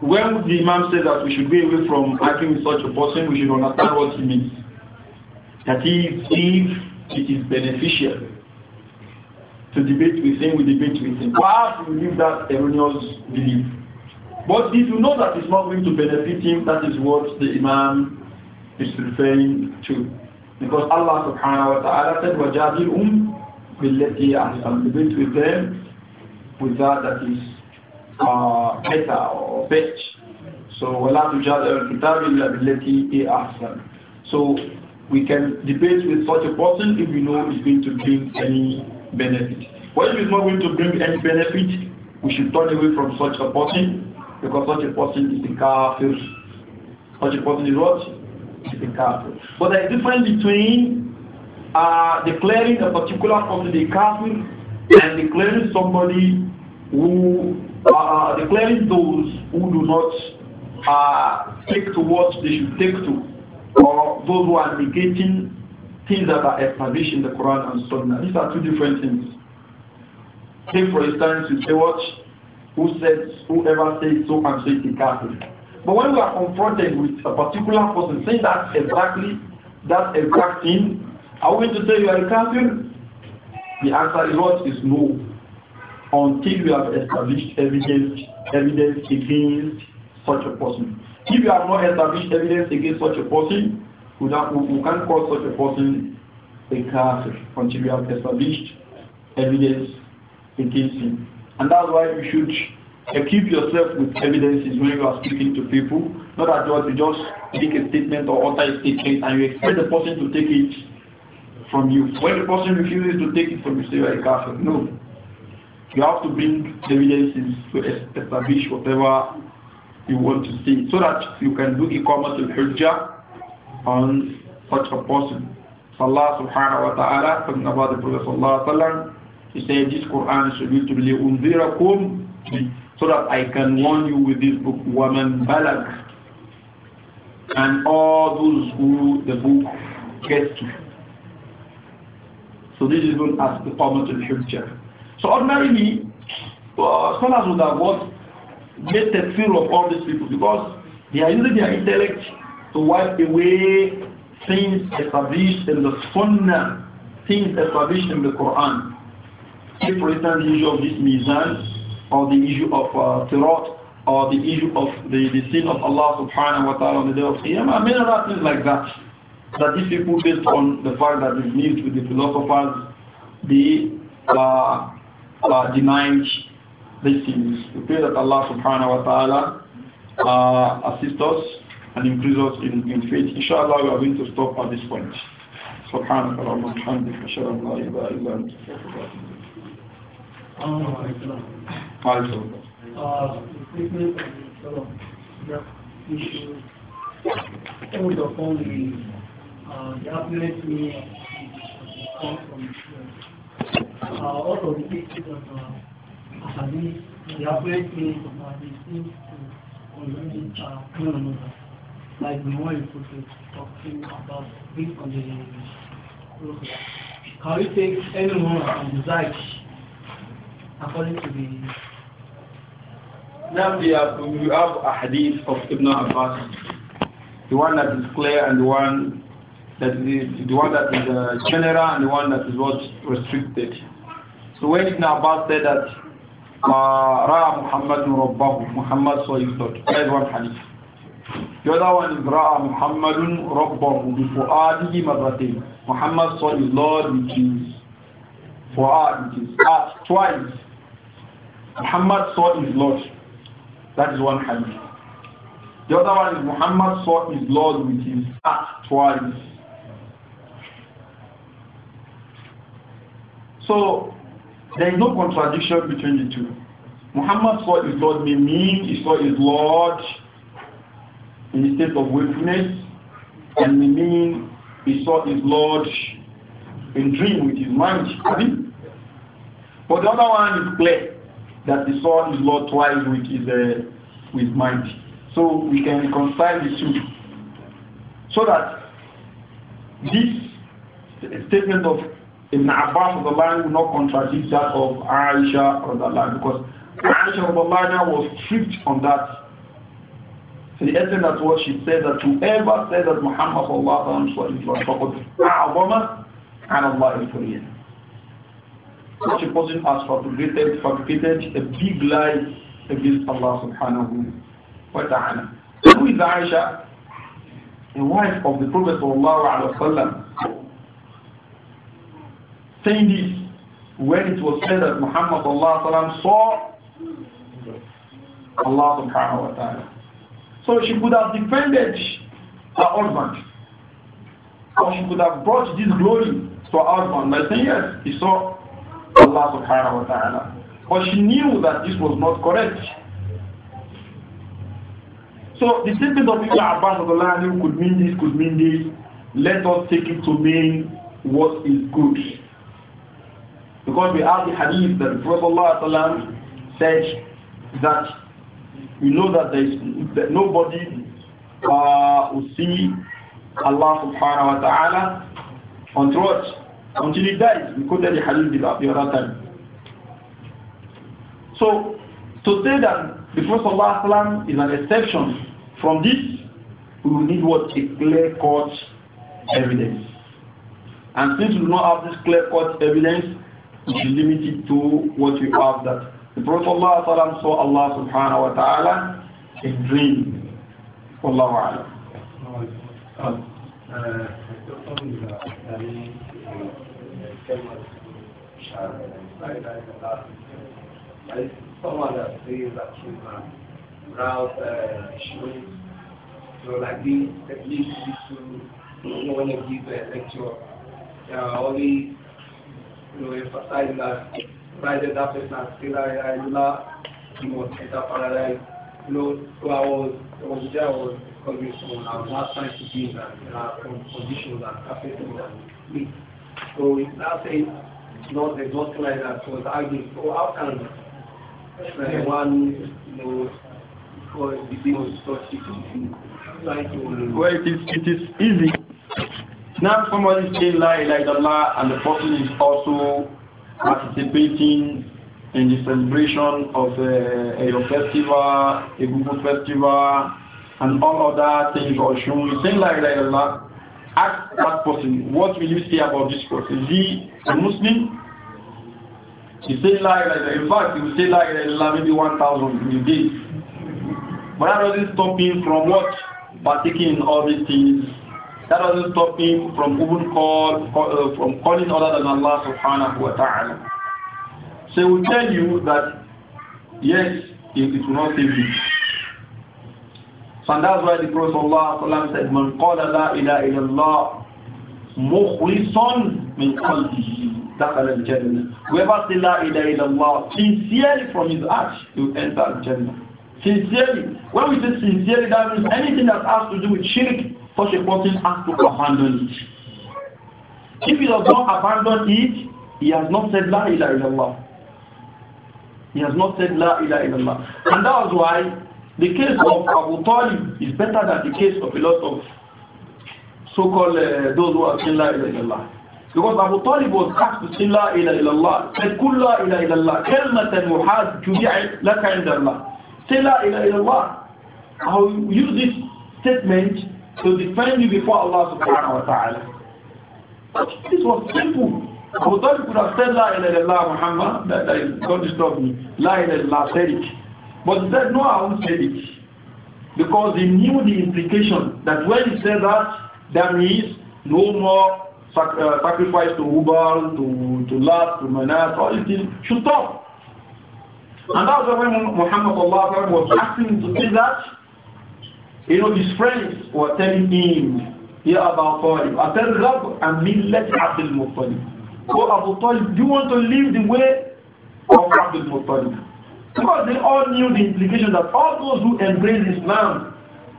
S1: when the Imam says that we should be away from acting with such a person, we should understand what he means. That is, if it is beneficial to debate with him, we debate with him. Perhaps we leave that erroneous belief. But if you know that it's not going to benefit him, that is what the Imam is referring to. Because Allah subhanahu wa ta'ala said, وَجَادِلْهُمْ بِالَّتِي أَحْسَنُ Debate with them with that that is better or best. So أَحْسَنُ So we can debate with such a person if we know it's going to bring any benefit. But if it's not going to bring any benefit, we should turn away from such a person because such a person is a kafir. Such a person is what? Is a kafir. But there is a difference between uh, declaring a particular person a kafir and declaring somebody who uh, uh, declaring those who do not uh, take to what they should take to, or those who are negating things that are established in the Quran and Sunnah. These are two different things. Take for instance, you say what? Who says, whoever says so and so is a kafir. But when we are confronted with a particular person saying that exactly, that exact thing, are we going to say you are a kafir? The answer is what? Is no until you have established evidence, evidence against such a person. If you have not established evidence against such a person, you, not, can't call such a person a kafir until you have established evidence against him. And that's why you should equip yourself with evidences when you are speaking to people. Not that you just make a statement or utter a statement and you expect the person to take it from you. When the person refuses to take it from you, say you are a kafir. No. You have to bring evidences to establish whatever you want to see so that you can do iqamat al-hujjah on such a person. Allah subhanahu wa ta'ala, talking about the Prophet sallallahu alayhi wa he said this Quran is be to be unzirakum so that I can warn you with this book, Waman Balak, and all those who the book gets to. So this is known as the Qamatul Hujjah. So ordinarily, uh, scholars would have what made the fear of all these people because they are using their intellect to wipe away things established in the Sunnah, things established in the Quran. Say, for instance, the issue of this Mizan, or the issue of uh, Tirat, or the issue of the, the sin of Allah subhanahu wa ta'ala on the day of Qiyamah, many other things like that. That these people, based on the fact that they've lived with the philosophers, the uh, uh, denying these things. We pray that Allah subhanahu wa ta'ala uh, assist us and increase us in, in faith. Inshallah, we are going to stop at this point. سبحانك اللهم وبحمدك أشهد أن لا إله إلا أنت أستغفرك وأتوب إليك. Hold upon the, uh, the ability come from uh, all the cases of uh, Asadi, the average age of uh, they seem to already uh, clean on Like the one you put talking about based on the process. Can we take anyone from the Zach according to the now we have, we have a hadith of Ibn Abbas, the one that is clear and the one that is the one that is uh, general and the one that is what restricted. So when Ibn Abbas said that uh, Ra'a Muhammad Rabbahu, Muhammad saw his Lord. That is one hadith. The other one is Ra'a Muhammadun Rabbahu bifu'adihi madratin. Muhammad saw his Lord which is fu'ad, which is heart, twice. Muhammad saw his Lord. That is one hadith. The other one is Muhammad saw his Lord with his heart twice. So there is no contradiction between the two. Muhammad saw his Lord be mean, he saw his Lord in a state of wakefulness, and mean he saw his Lord in dream with his mind. But the other one is clear that he saw his Lord twice with his uh, with mind. So we can reconcile the two. So that this statement of Ibn Abbas of the line will not contradict that of Aisha of the line because Aisha of the line was strict on that. So the essence that what she said that whoever said that Muhammad sallallahu alaihi wasallam and Allah is Korean. Such a person has fabricated, fabricated a big lie against Allah subhanahu wa ta'ala. Who is Aisha? a wife of the Prophet sallallahu alaihi wasallam saying this when it was said that Muhammad sallam, saw Allah subhanahu wa ta'ala. So she could have defended her husband. Or she could have brought this glory to her husband by saying, yes, he saw Allah subhanahu wa ta'ala. But she knew that this was not correct. So the statement of Ibn Abbas of the land could mean this, could mean this. Let us take it to mean what is good. Because we have the hadith that the Prophet said that we know that there is that nobody uh, will see Allah subhanahu wa ta'ala until what? Until he dies. We quoted the hadith the other time. So, to say that the Prophet is an exception from this, we will need what? A clear-cut evidence. And since we do not have this clear-cut evidence, you should limit to what you have that. The Prophet Allah saw Allah subhanahu wa ta'ala in dream. Wallahu a'lam. Someone uh, that says uh, that you can browse uh, shoes, uh, so like these, at least you want to give a lecture, there are all these you know, that you know, enter paradise. You know, so I was, I was there, I was someone, I was not trying to be in that, conditions that me. So it's not saying, no, there's nothing like that, so arguing, so how can one, you know, because the thing touch it, trying Well, it is, it is easy now somebody say La ilaha illallah and the person is also participating in the celebration of uh, a, festival, a Google festival, and all other things or shown. You say La ilaha illallah. Ask that person, what will you say about this person? Is he a Muslim? He say La ilaha In fact, will say La ilaha maybe 1,000 in a day. But that doesn't stop him from what? Partaking in all these things that doesn't stop him from even call, uh, from calling other than Allah subhanahu wa ta'ala. So we tell you that yes, it, it will not save you. So and that's why the Prophet Allah said, Man qala la ilaha illallah mukhlisan min qalbihi dakhala al-jannah. Whoever say la ilaha illallah sincerely from his heart, he will enter al-jannah. Sincerely. When we say sincerely, that means anything that has to do with shirk, such a person has to abandon it. If he does not abandon it, he has not said La ilaha illallah. He has not said La ilaha illallah. And that is why the case of Abu Talib is better than the case of a lot of so-called uh, those who have said La ilaha illallah. Because Abu Talib was asked to say La ilaha illallah. Said, Kul La ilaha illallah. Kalmatan muhad jubi'i laka indallah. Say La ilaha illallah. I will use this statement to defend you before Allah subhanahu wa ta'ala. This was simple. Abu Talib could have said, La ilaha illallah Muhammad, that, that is, don't disturb me. La ilaha illallah, said it. But he said, no, I won't say it. Because he knew the implication that when he said that, that means no more sac uh, sacrifice to Ubal, to, to Lat, to Manat, all these things should stop. And that's why when Muhammad was asking to say that, you know, his friends were telling him, Ya Abu Talib, Atarrab and Millet Abdul Muttalib. Oh Abu Talib, do you want to leave the way of Abdul Muttalib? Because they all knew the implication that all those who embrace Islam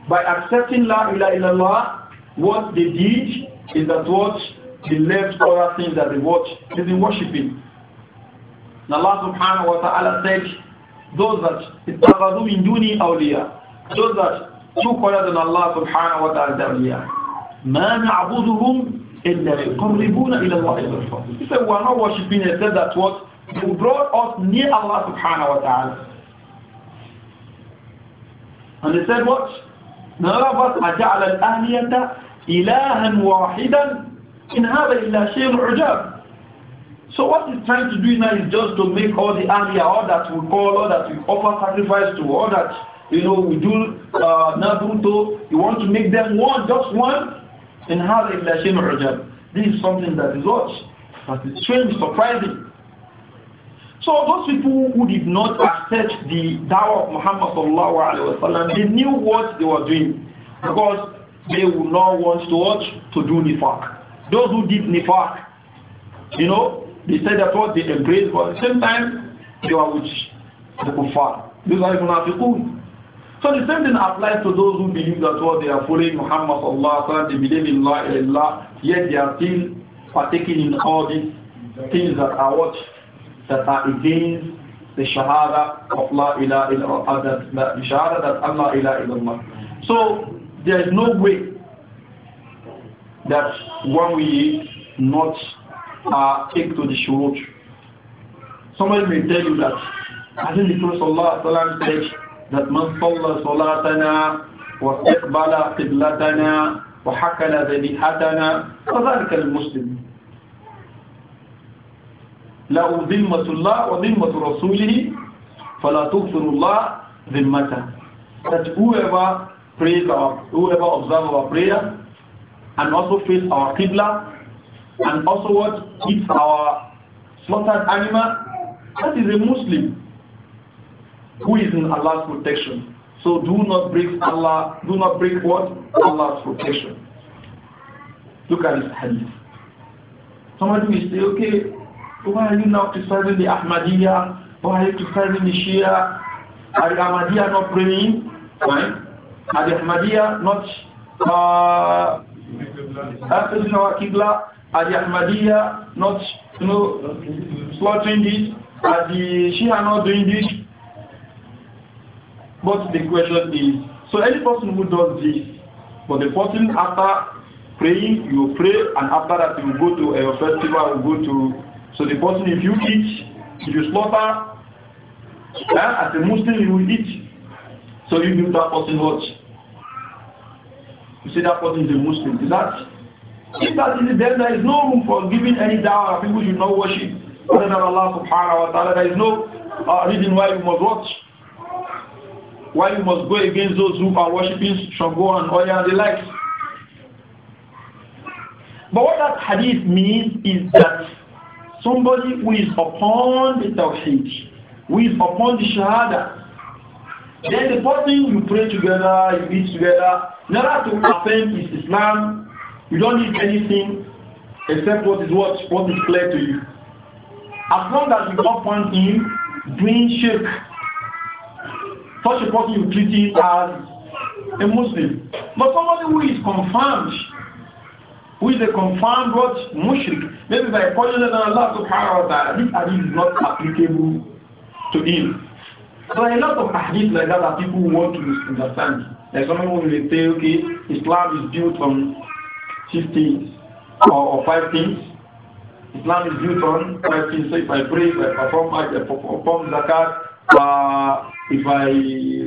S1: by accepting La ilaha illallah, what they did is that what they left other things that they watched, they've been worshipping. And Allah subhanahu wa ta'ala said, those that, those that سوق لدن الله سبحانه وتعالى دوليا ما نعبدهم إلا يقربون إلى الله زلفى He said we are not worshipping except that what they brought us near Allah subhanahu wa ta'ala And they said what? Another verse أجعل الآلية إلها واحدا إن هذا إلا شيء عجاب So what he's trying to do now is just to make all the Aliyah, all that we call, all that we offer sacrifice to, all that you know, we do uh, Naruto, you want to make them one, just one, and have a Lashem Rajab. This is something that is what? That is strange, surprising. So those people who did not accept the dawah of Muhammad sallallahu alaihi wasallam, they knew what they were doing because they would not want to watch to do nifaq. Those who did nifaq, you know, they said that what they embraced, but at the same time they were with the kuffar. These are the so the same thing applies to those who believe that what oh, they are following Muhammad sallallahu alaihi wasallam, they believe in Allah, Allah, yet they are still partaking in all these things that are what that are against the shahada of La ilaha illallah, uh, the shahada that Allah ilaha illallah. So there is no way that when we not uh, take to the shurut. Somebody may tell you that, I think the Prophet sallallahu alaihi wasallam said. that man صلى صلاتنا واستقبل قبلتنا وحكل ذبيحتنا فذلك المسلم له ذمة الله وذمة رسوله فلا تغفر الله ذمته that whoever prays our whoever observes our prayer and also faces our qibla and also what eats our slaughtered animal that is a Muslim who is in Allah's protection. So do not break Allah, do not break what? Allah's protection. Look at this hadith. Somebody may say, okay, why are you now criticizing the Ahmadiyya? Why are you criticizing the Shia? Are the Ahmadiyya not praying? Right? Are the Ahmadiyya not uh, accessing our Qibla? Are the Ahmadiyya not, you know, slaughtering this? Are the Shia not doing this? But the question is, so any person who does this, but the person after praying, you pray, and after that you go to a uh, festival, you go to. So the person, if you eat, if you slaughter, yeah, as a Muslim you will eat. So you give that person what? You say that person is a Muslim. Is that? If that is then there is no room for giving any dawah. People should not worship other than Allah subhanahu wa ta'ala. There is no uh, reason why you must watch why you must go against those who are worshipping Shango and Oya and the like. But what that hadith means is that somebody who is upon the Tawheed, who is upon the Shahada, then the person you pray together, you eat together, never to offend is Islam, you don't need anything except what is what, what is clear to you. As long as you don't him doing shirk such a person you treat him as a Muslim. But somebody who is confirmed, who is a confirmed what? Mushrik. Maybe by calling on Allah subhanahu wa ta'ala, this hadith is not applicable to him. There are a lot of hadith like that that people want to misunderstand. Like someone who will say, okay, Islam is built on fifteen things or, or five things. Islam is built on five things. So if I pray, if I perform, I perform zakat, uh, if I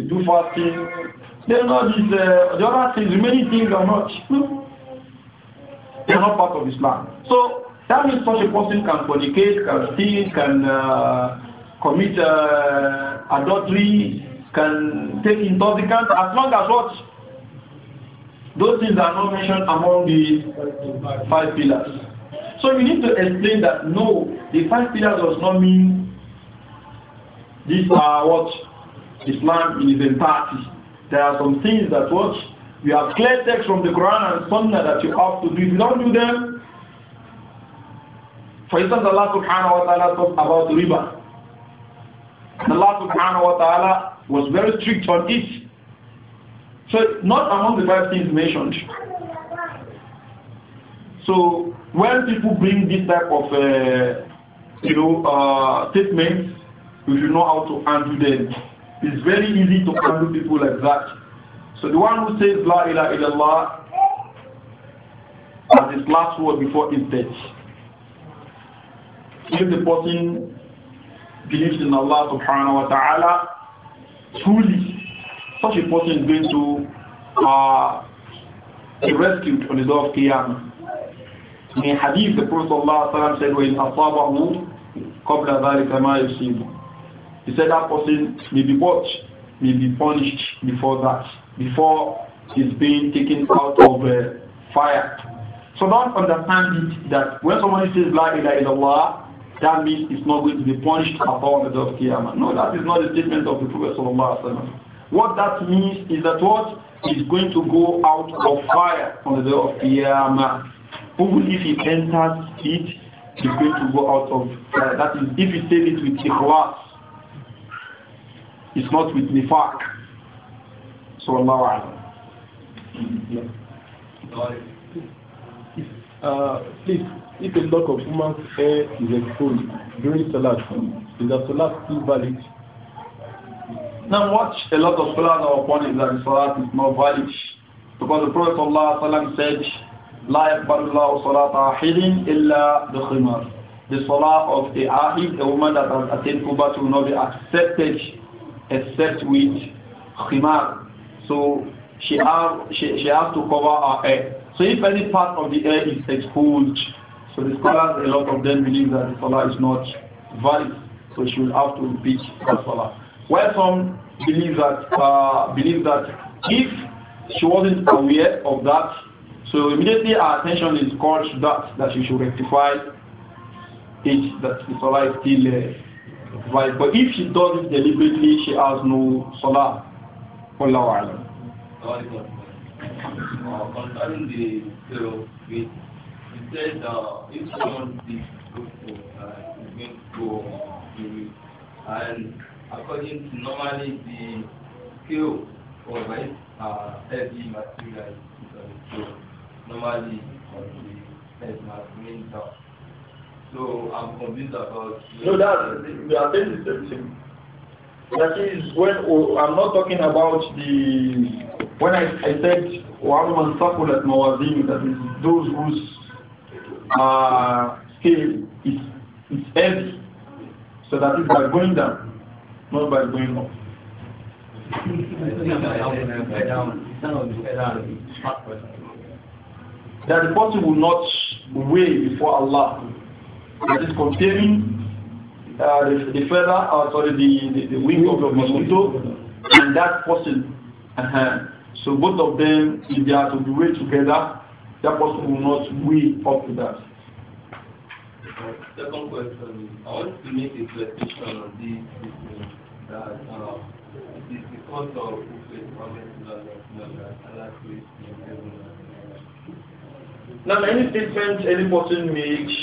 S1: do fasting, they're not these, uh, the other things, many things are not, they're not part of Islam. So that means such a person can fornicate, can steal, can uh, commit uh, adultery, can take intoxicants, as long as what? Those things are not mentioned among the five pillars. So you need to explain that no, the five pillars does not mean these are what Islam in its entirety. There are some things that what we have clear text from the Quran and Sunnah that you have to do. If you don't do them, for instance, Allah subhanahu wa ta'ala talked about riba. Allah subhanahu wa ta'ala was very strict on it. So not among the five things mentioned. So when people bring this type of uh, you know uh, statements, we should know how to undo them. It's very easy to handle people like that. So the one who says La ilaha illallah as his last word before his death. If the person believes in Allah subhanahu wa ta'ala, truly such a person is going to uh, be rescued on the day of Qiyamah. In a hadith, the Prophet said, وَإِنْ أَصَابَهُ قَبْلَ ذَلِكَ مَا he said that person may be watched, may be punished before that, before he's being taken out of uh, fire. So don't understand it that when someone says La ilaha illallah, that means it's not going to be punished upon the day of Qiyamah. No, that is not the statement of the Prophet Sallallahu Alaihi Wasallam. What that means is that what is going to go out of fire on the day of Qiyamah. Even if he enters it, it's going to go out of fire. That is, if he says it with ikhlas, is not with nifaq. So Allah Uh, please, if a lock of woman's hair is exposed during salat, is that salat still valid? Now watch a lot of scholars are upon is that salat is not valid. Because the Prophet Allah said, لا يقبل الله صلاة أحد إلا بخمار. The salah of the ahid, a woman that has attained kubat will not be accepted except with khimar. So she have she, she has to cover her hair. So if any part of the hair is exposed, so the scholars, a lot of them believe that the salah is not valid, so she will have to repeat the salah. While some believe that uh, believe that if she wasn't aware of that, so immediately our attention is called to that that she should rectify it that the salah is still uh, Right. But if she does it deliberately, she has no salah. Wallahu alam. Uh, concerning the zero you said uh, if someone is good for, uh, to and according to normally the scale for uh, heavy material is on Normally, on the heavy material, so I'm convinced about. No, that we are saying the same thing. That is when oh, I'm not talking about the when I, I said وَعَلْمَنْ at مَوَازِينُ that is those whose uh, scale is, is heavy. So that is by going down, not by going up. that the person will not weigh before Allah that is containing uh, the, the feather, uh, sorry, the, the, the wing of the mosquito and that person. Uh -huh. So both of them, if they are to be weighed together, that person will not weigh up to that. Second question, I want to make a clarification on this, this that uh, it is because of uh, uh, uh, now, any statement any person makes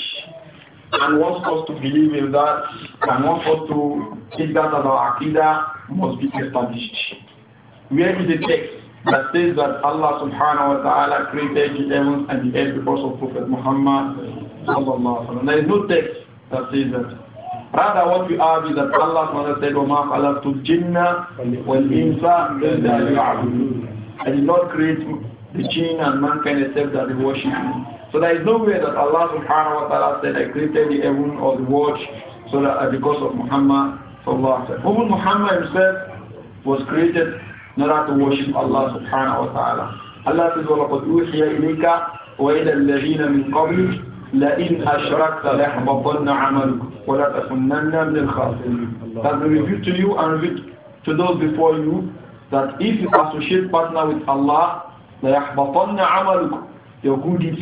S1: and wants us to believe in that and wants us to take that as our aqidah must be established. Where is the text that says that Allah subhanahu wa ta'ala created the heavens and the earth because of Prophet Muhammad sallallahu There is no text that says that. Rather what we have is that Allah subhanahu wa ta'ala said, وَمَا خَلَقْتُ and the إِلَّا لِيَعْبُدُونَ I did not create the jinn and mankind except that they worship me. So there is no way that Allah subhanahu wa ta'ala said, I created the heaven or the world so that uh, because of Muhammad sallallahu alayhi wa sallam. Muhammad himself was created in order to worship Allah subhanahu wa ta'ala. Allah says, وَلَقَدْ أُوحِيَ إِلَيْكَ وَإِلَى الَّذِينَ مِنْ قَبْلِكَ لَإِنْ أَشْرَكْتَ لَيَحْبَطَنَّ عَمَلُكَ وَلَا تَكُنَّنَّ مِنَ الْخَاسِرِينَ That we reveal to you and reveal to those before you that if you associate partner with Allah, لَيَحْبَطَنَّ عَمَلُكَ Your good deeds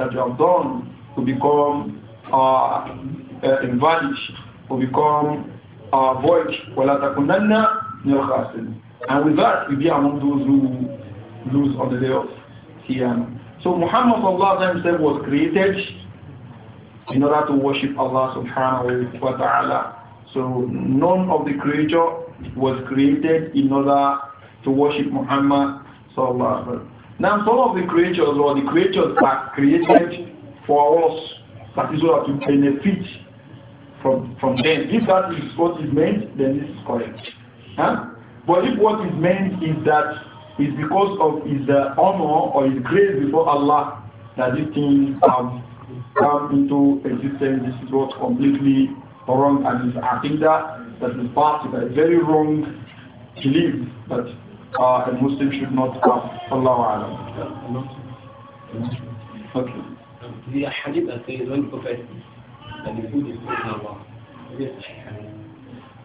S1: that you have done will become uh, uh, invalid, will become uh, void. And with that, we be among those who lose on the day of Qiyamah. So Muhammad himself was created in order to worship Allah subhanahu wa ta'ala. So none of the creature was created in order to worship Muhammad sallallahu alaihi wasallam. Now, some of the creatures or the creatures are created for us, that is what to benefit from, from them. If that is what is meant, then this is correct. Huh? But if what is meant is that it's because of his uh, honor or his grace before Allah that these things have come into existence, this is what completely wrong and is that that is of a very wrong belief that uh, a Muslim should not come. Allah Alam. Okay. The hadith that says when Prophet and the food is spoken about.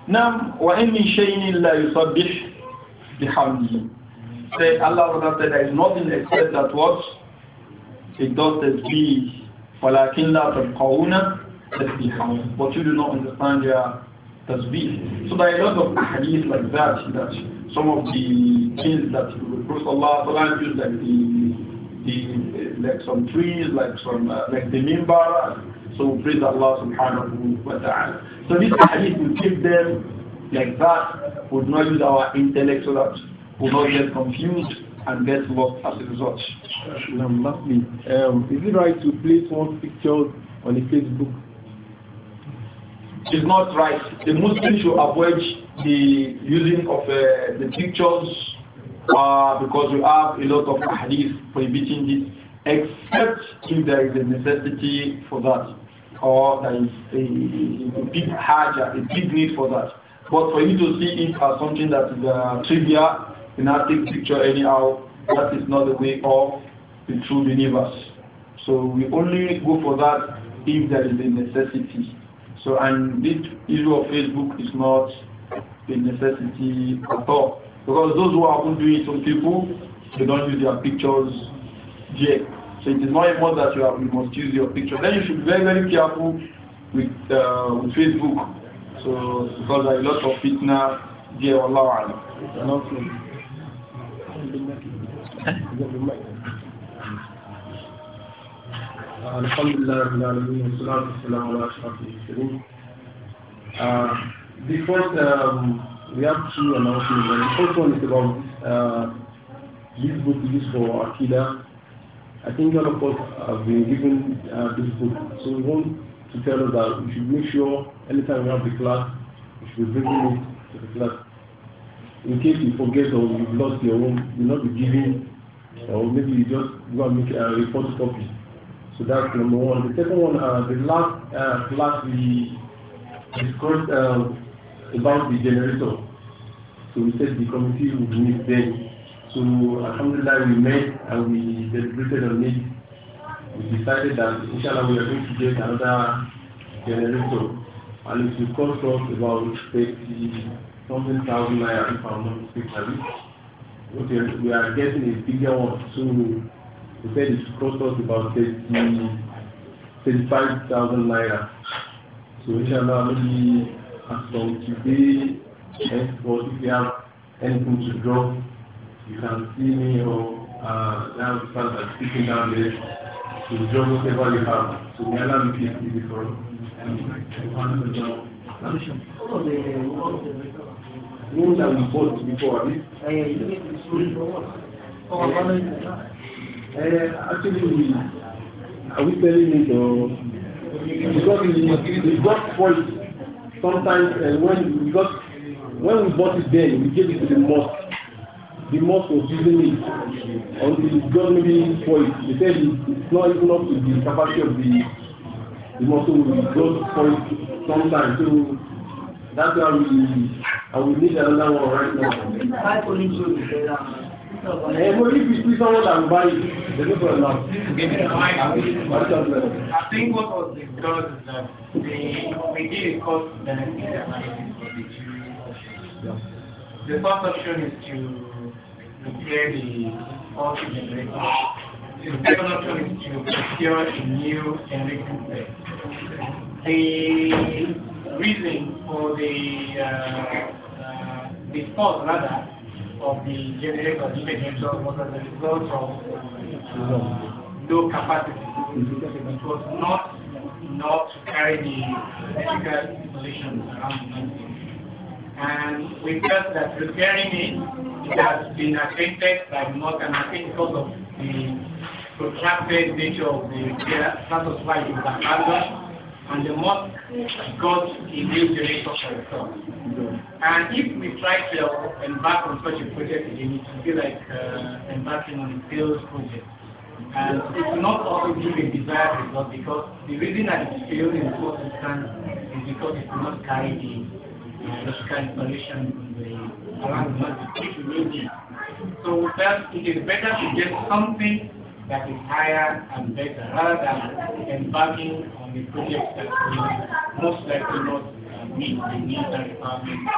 S1: Nam wa in min shay'in la yusabbih bihamdihi. Say Allah Ta'ala said there is nothing except that what it does is be ولكن لا تلقون تسبيحهم but you do not understand their tasbih. So there are a lot of hadith like that that some of the things that the Prophet Allah use like the the, like some trees, like some uh, like the mimbar. So praise Allah subhanahu wa ta'ala. So this hadith will keep them like that, would not use our intellect so that we not get confused and get lost as a result. Um, um is it right to place one pictures on a Facebook is not right. The Muslims should avoid the using of uh, the pictures uh, because we have a lot of hadith prohibiting this, except if there is a necessity for that or there is a, a big haja, a big need for that. But for you to see it as something that is uh, trivial, an artistic take picture anyhow, that is not the way of the true believers. So we only go for that if there is a necessity. So, and this issue of Facebook is not a necessity at all. Because those who are doing some people, they don't use their pictures yet. So it is not important that you, have, you must use your picture. Then you should be very, very careful with, uh, with Facebook. So, because there are a lot of fitna there, online. Not (laughs) Uh, the first, um, we have two announcements. The first one is about uh, this book used for Akida. I think all of us have been given uh, this book, so we want to tell us that we should make sure anytime we have the class, we should be bringing it to the class. In case you forget or you've lost your own, you'll not be giving, or maybe you just go and make a report copy. So that's number one. The second one, uh, the last uh, class we discussed uh, about the generator. So we said the committee would meet then. So Alhamdulillah, we met and we deliberated on it. We decided that inshallah we are going to get another generator. And it will cost us about 30 something thousand naira if I'm not mistaken. We are getting a bigger one. So He said it cost us about 35,000 naira. So inshallah, maybe as from today, henceforth, if you have anything to drop, you can see me or uh, now the fans are sitting down there to drop whatever you have. So may Allah make it you for you. One that we bought before, this. Uh, actually, are we telling you the we got we got sometimes uh, when we when we bought it then we gave it to the mosque. The mosque was using it until it got maybe for They said it's not even up to the capacity of the the mosque. So we got for it sometimes. So that's why we I will need another one right now. I think what was discussed is that they, we did cost benefit analysis for the two options. The first option is to repair the old generator. The second option is to procure a new generating The reason for the uh, uh, the cost rather of the generic or individual was as a result of uh, low capacity. It was not not to carry the medical solutions around the country. And we felt that repairing it, it has been affected by more than I think because of the protracted nature of the care. That was why it was abandoned and the more God will the rate And if we try to embark on such a project again, it will be like uh, embarking on a failed project. And it will not always give a desired result because the reason that it failed in the first instance is because it will not carry the uh, logical installation around the market, which we need. So that it is better to get something that is higher and better rather than embarking on the project that will most likely not uh, meet the needs and requirements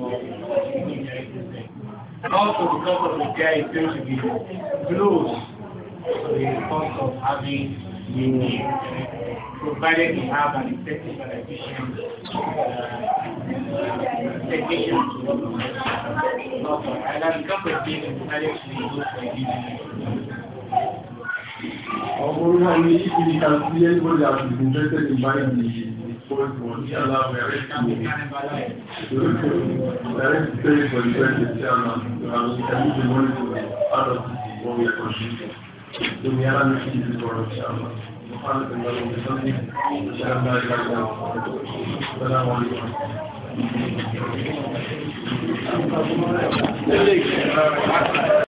S1: of the system. Also because of the care is going to be close to the cost of having the need, uh, provided we have an effective and efficient uh, uh technician to work on it. And because of this, we decided to go for a Although I mean, to we can see anybody that is in buying the first one, inshallah, we are ready to We are to pay for the first, inshallah, we can use the money to out of what we are So we are not making this for inshallah. سبحانك اللهم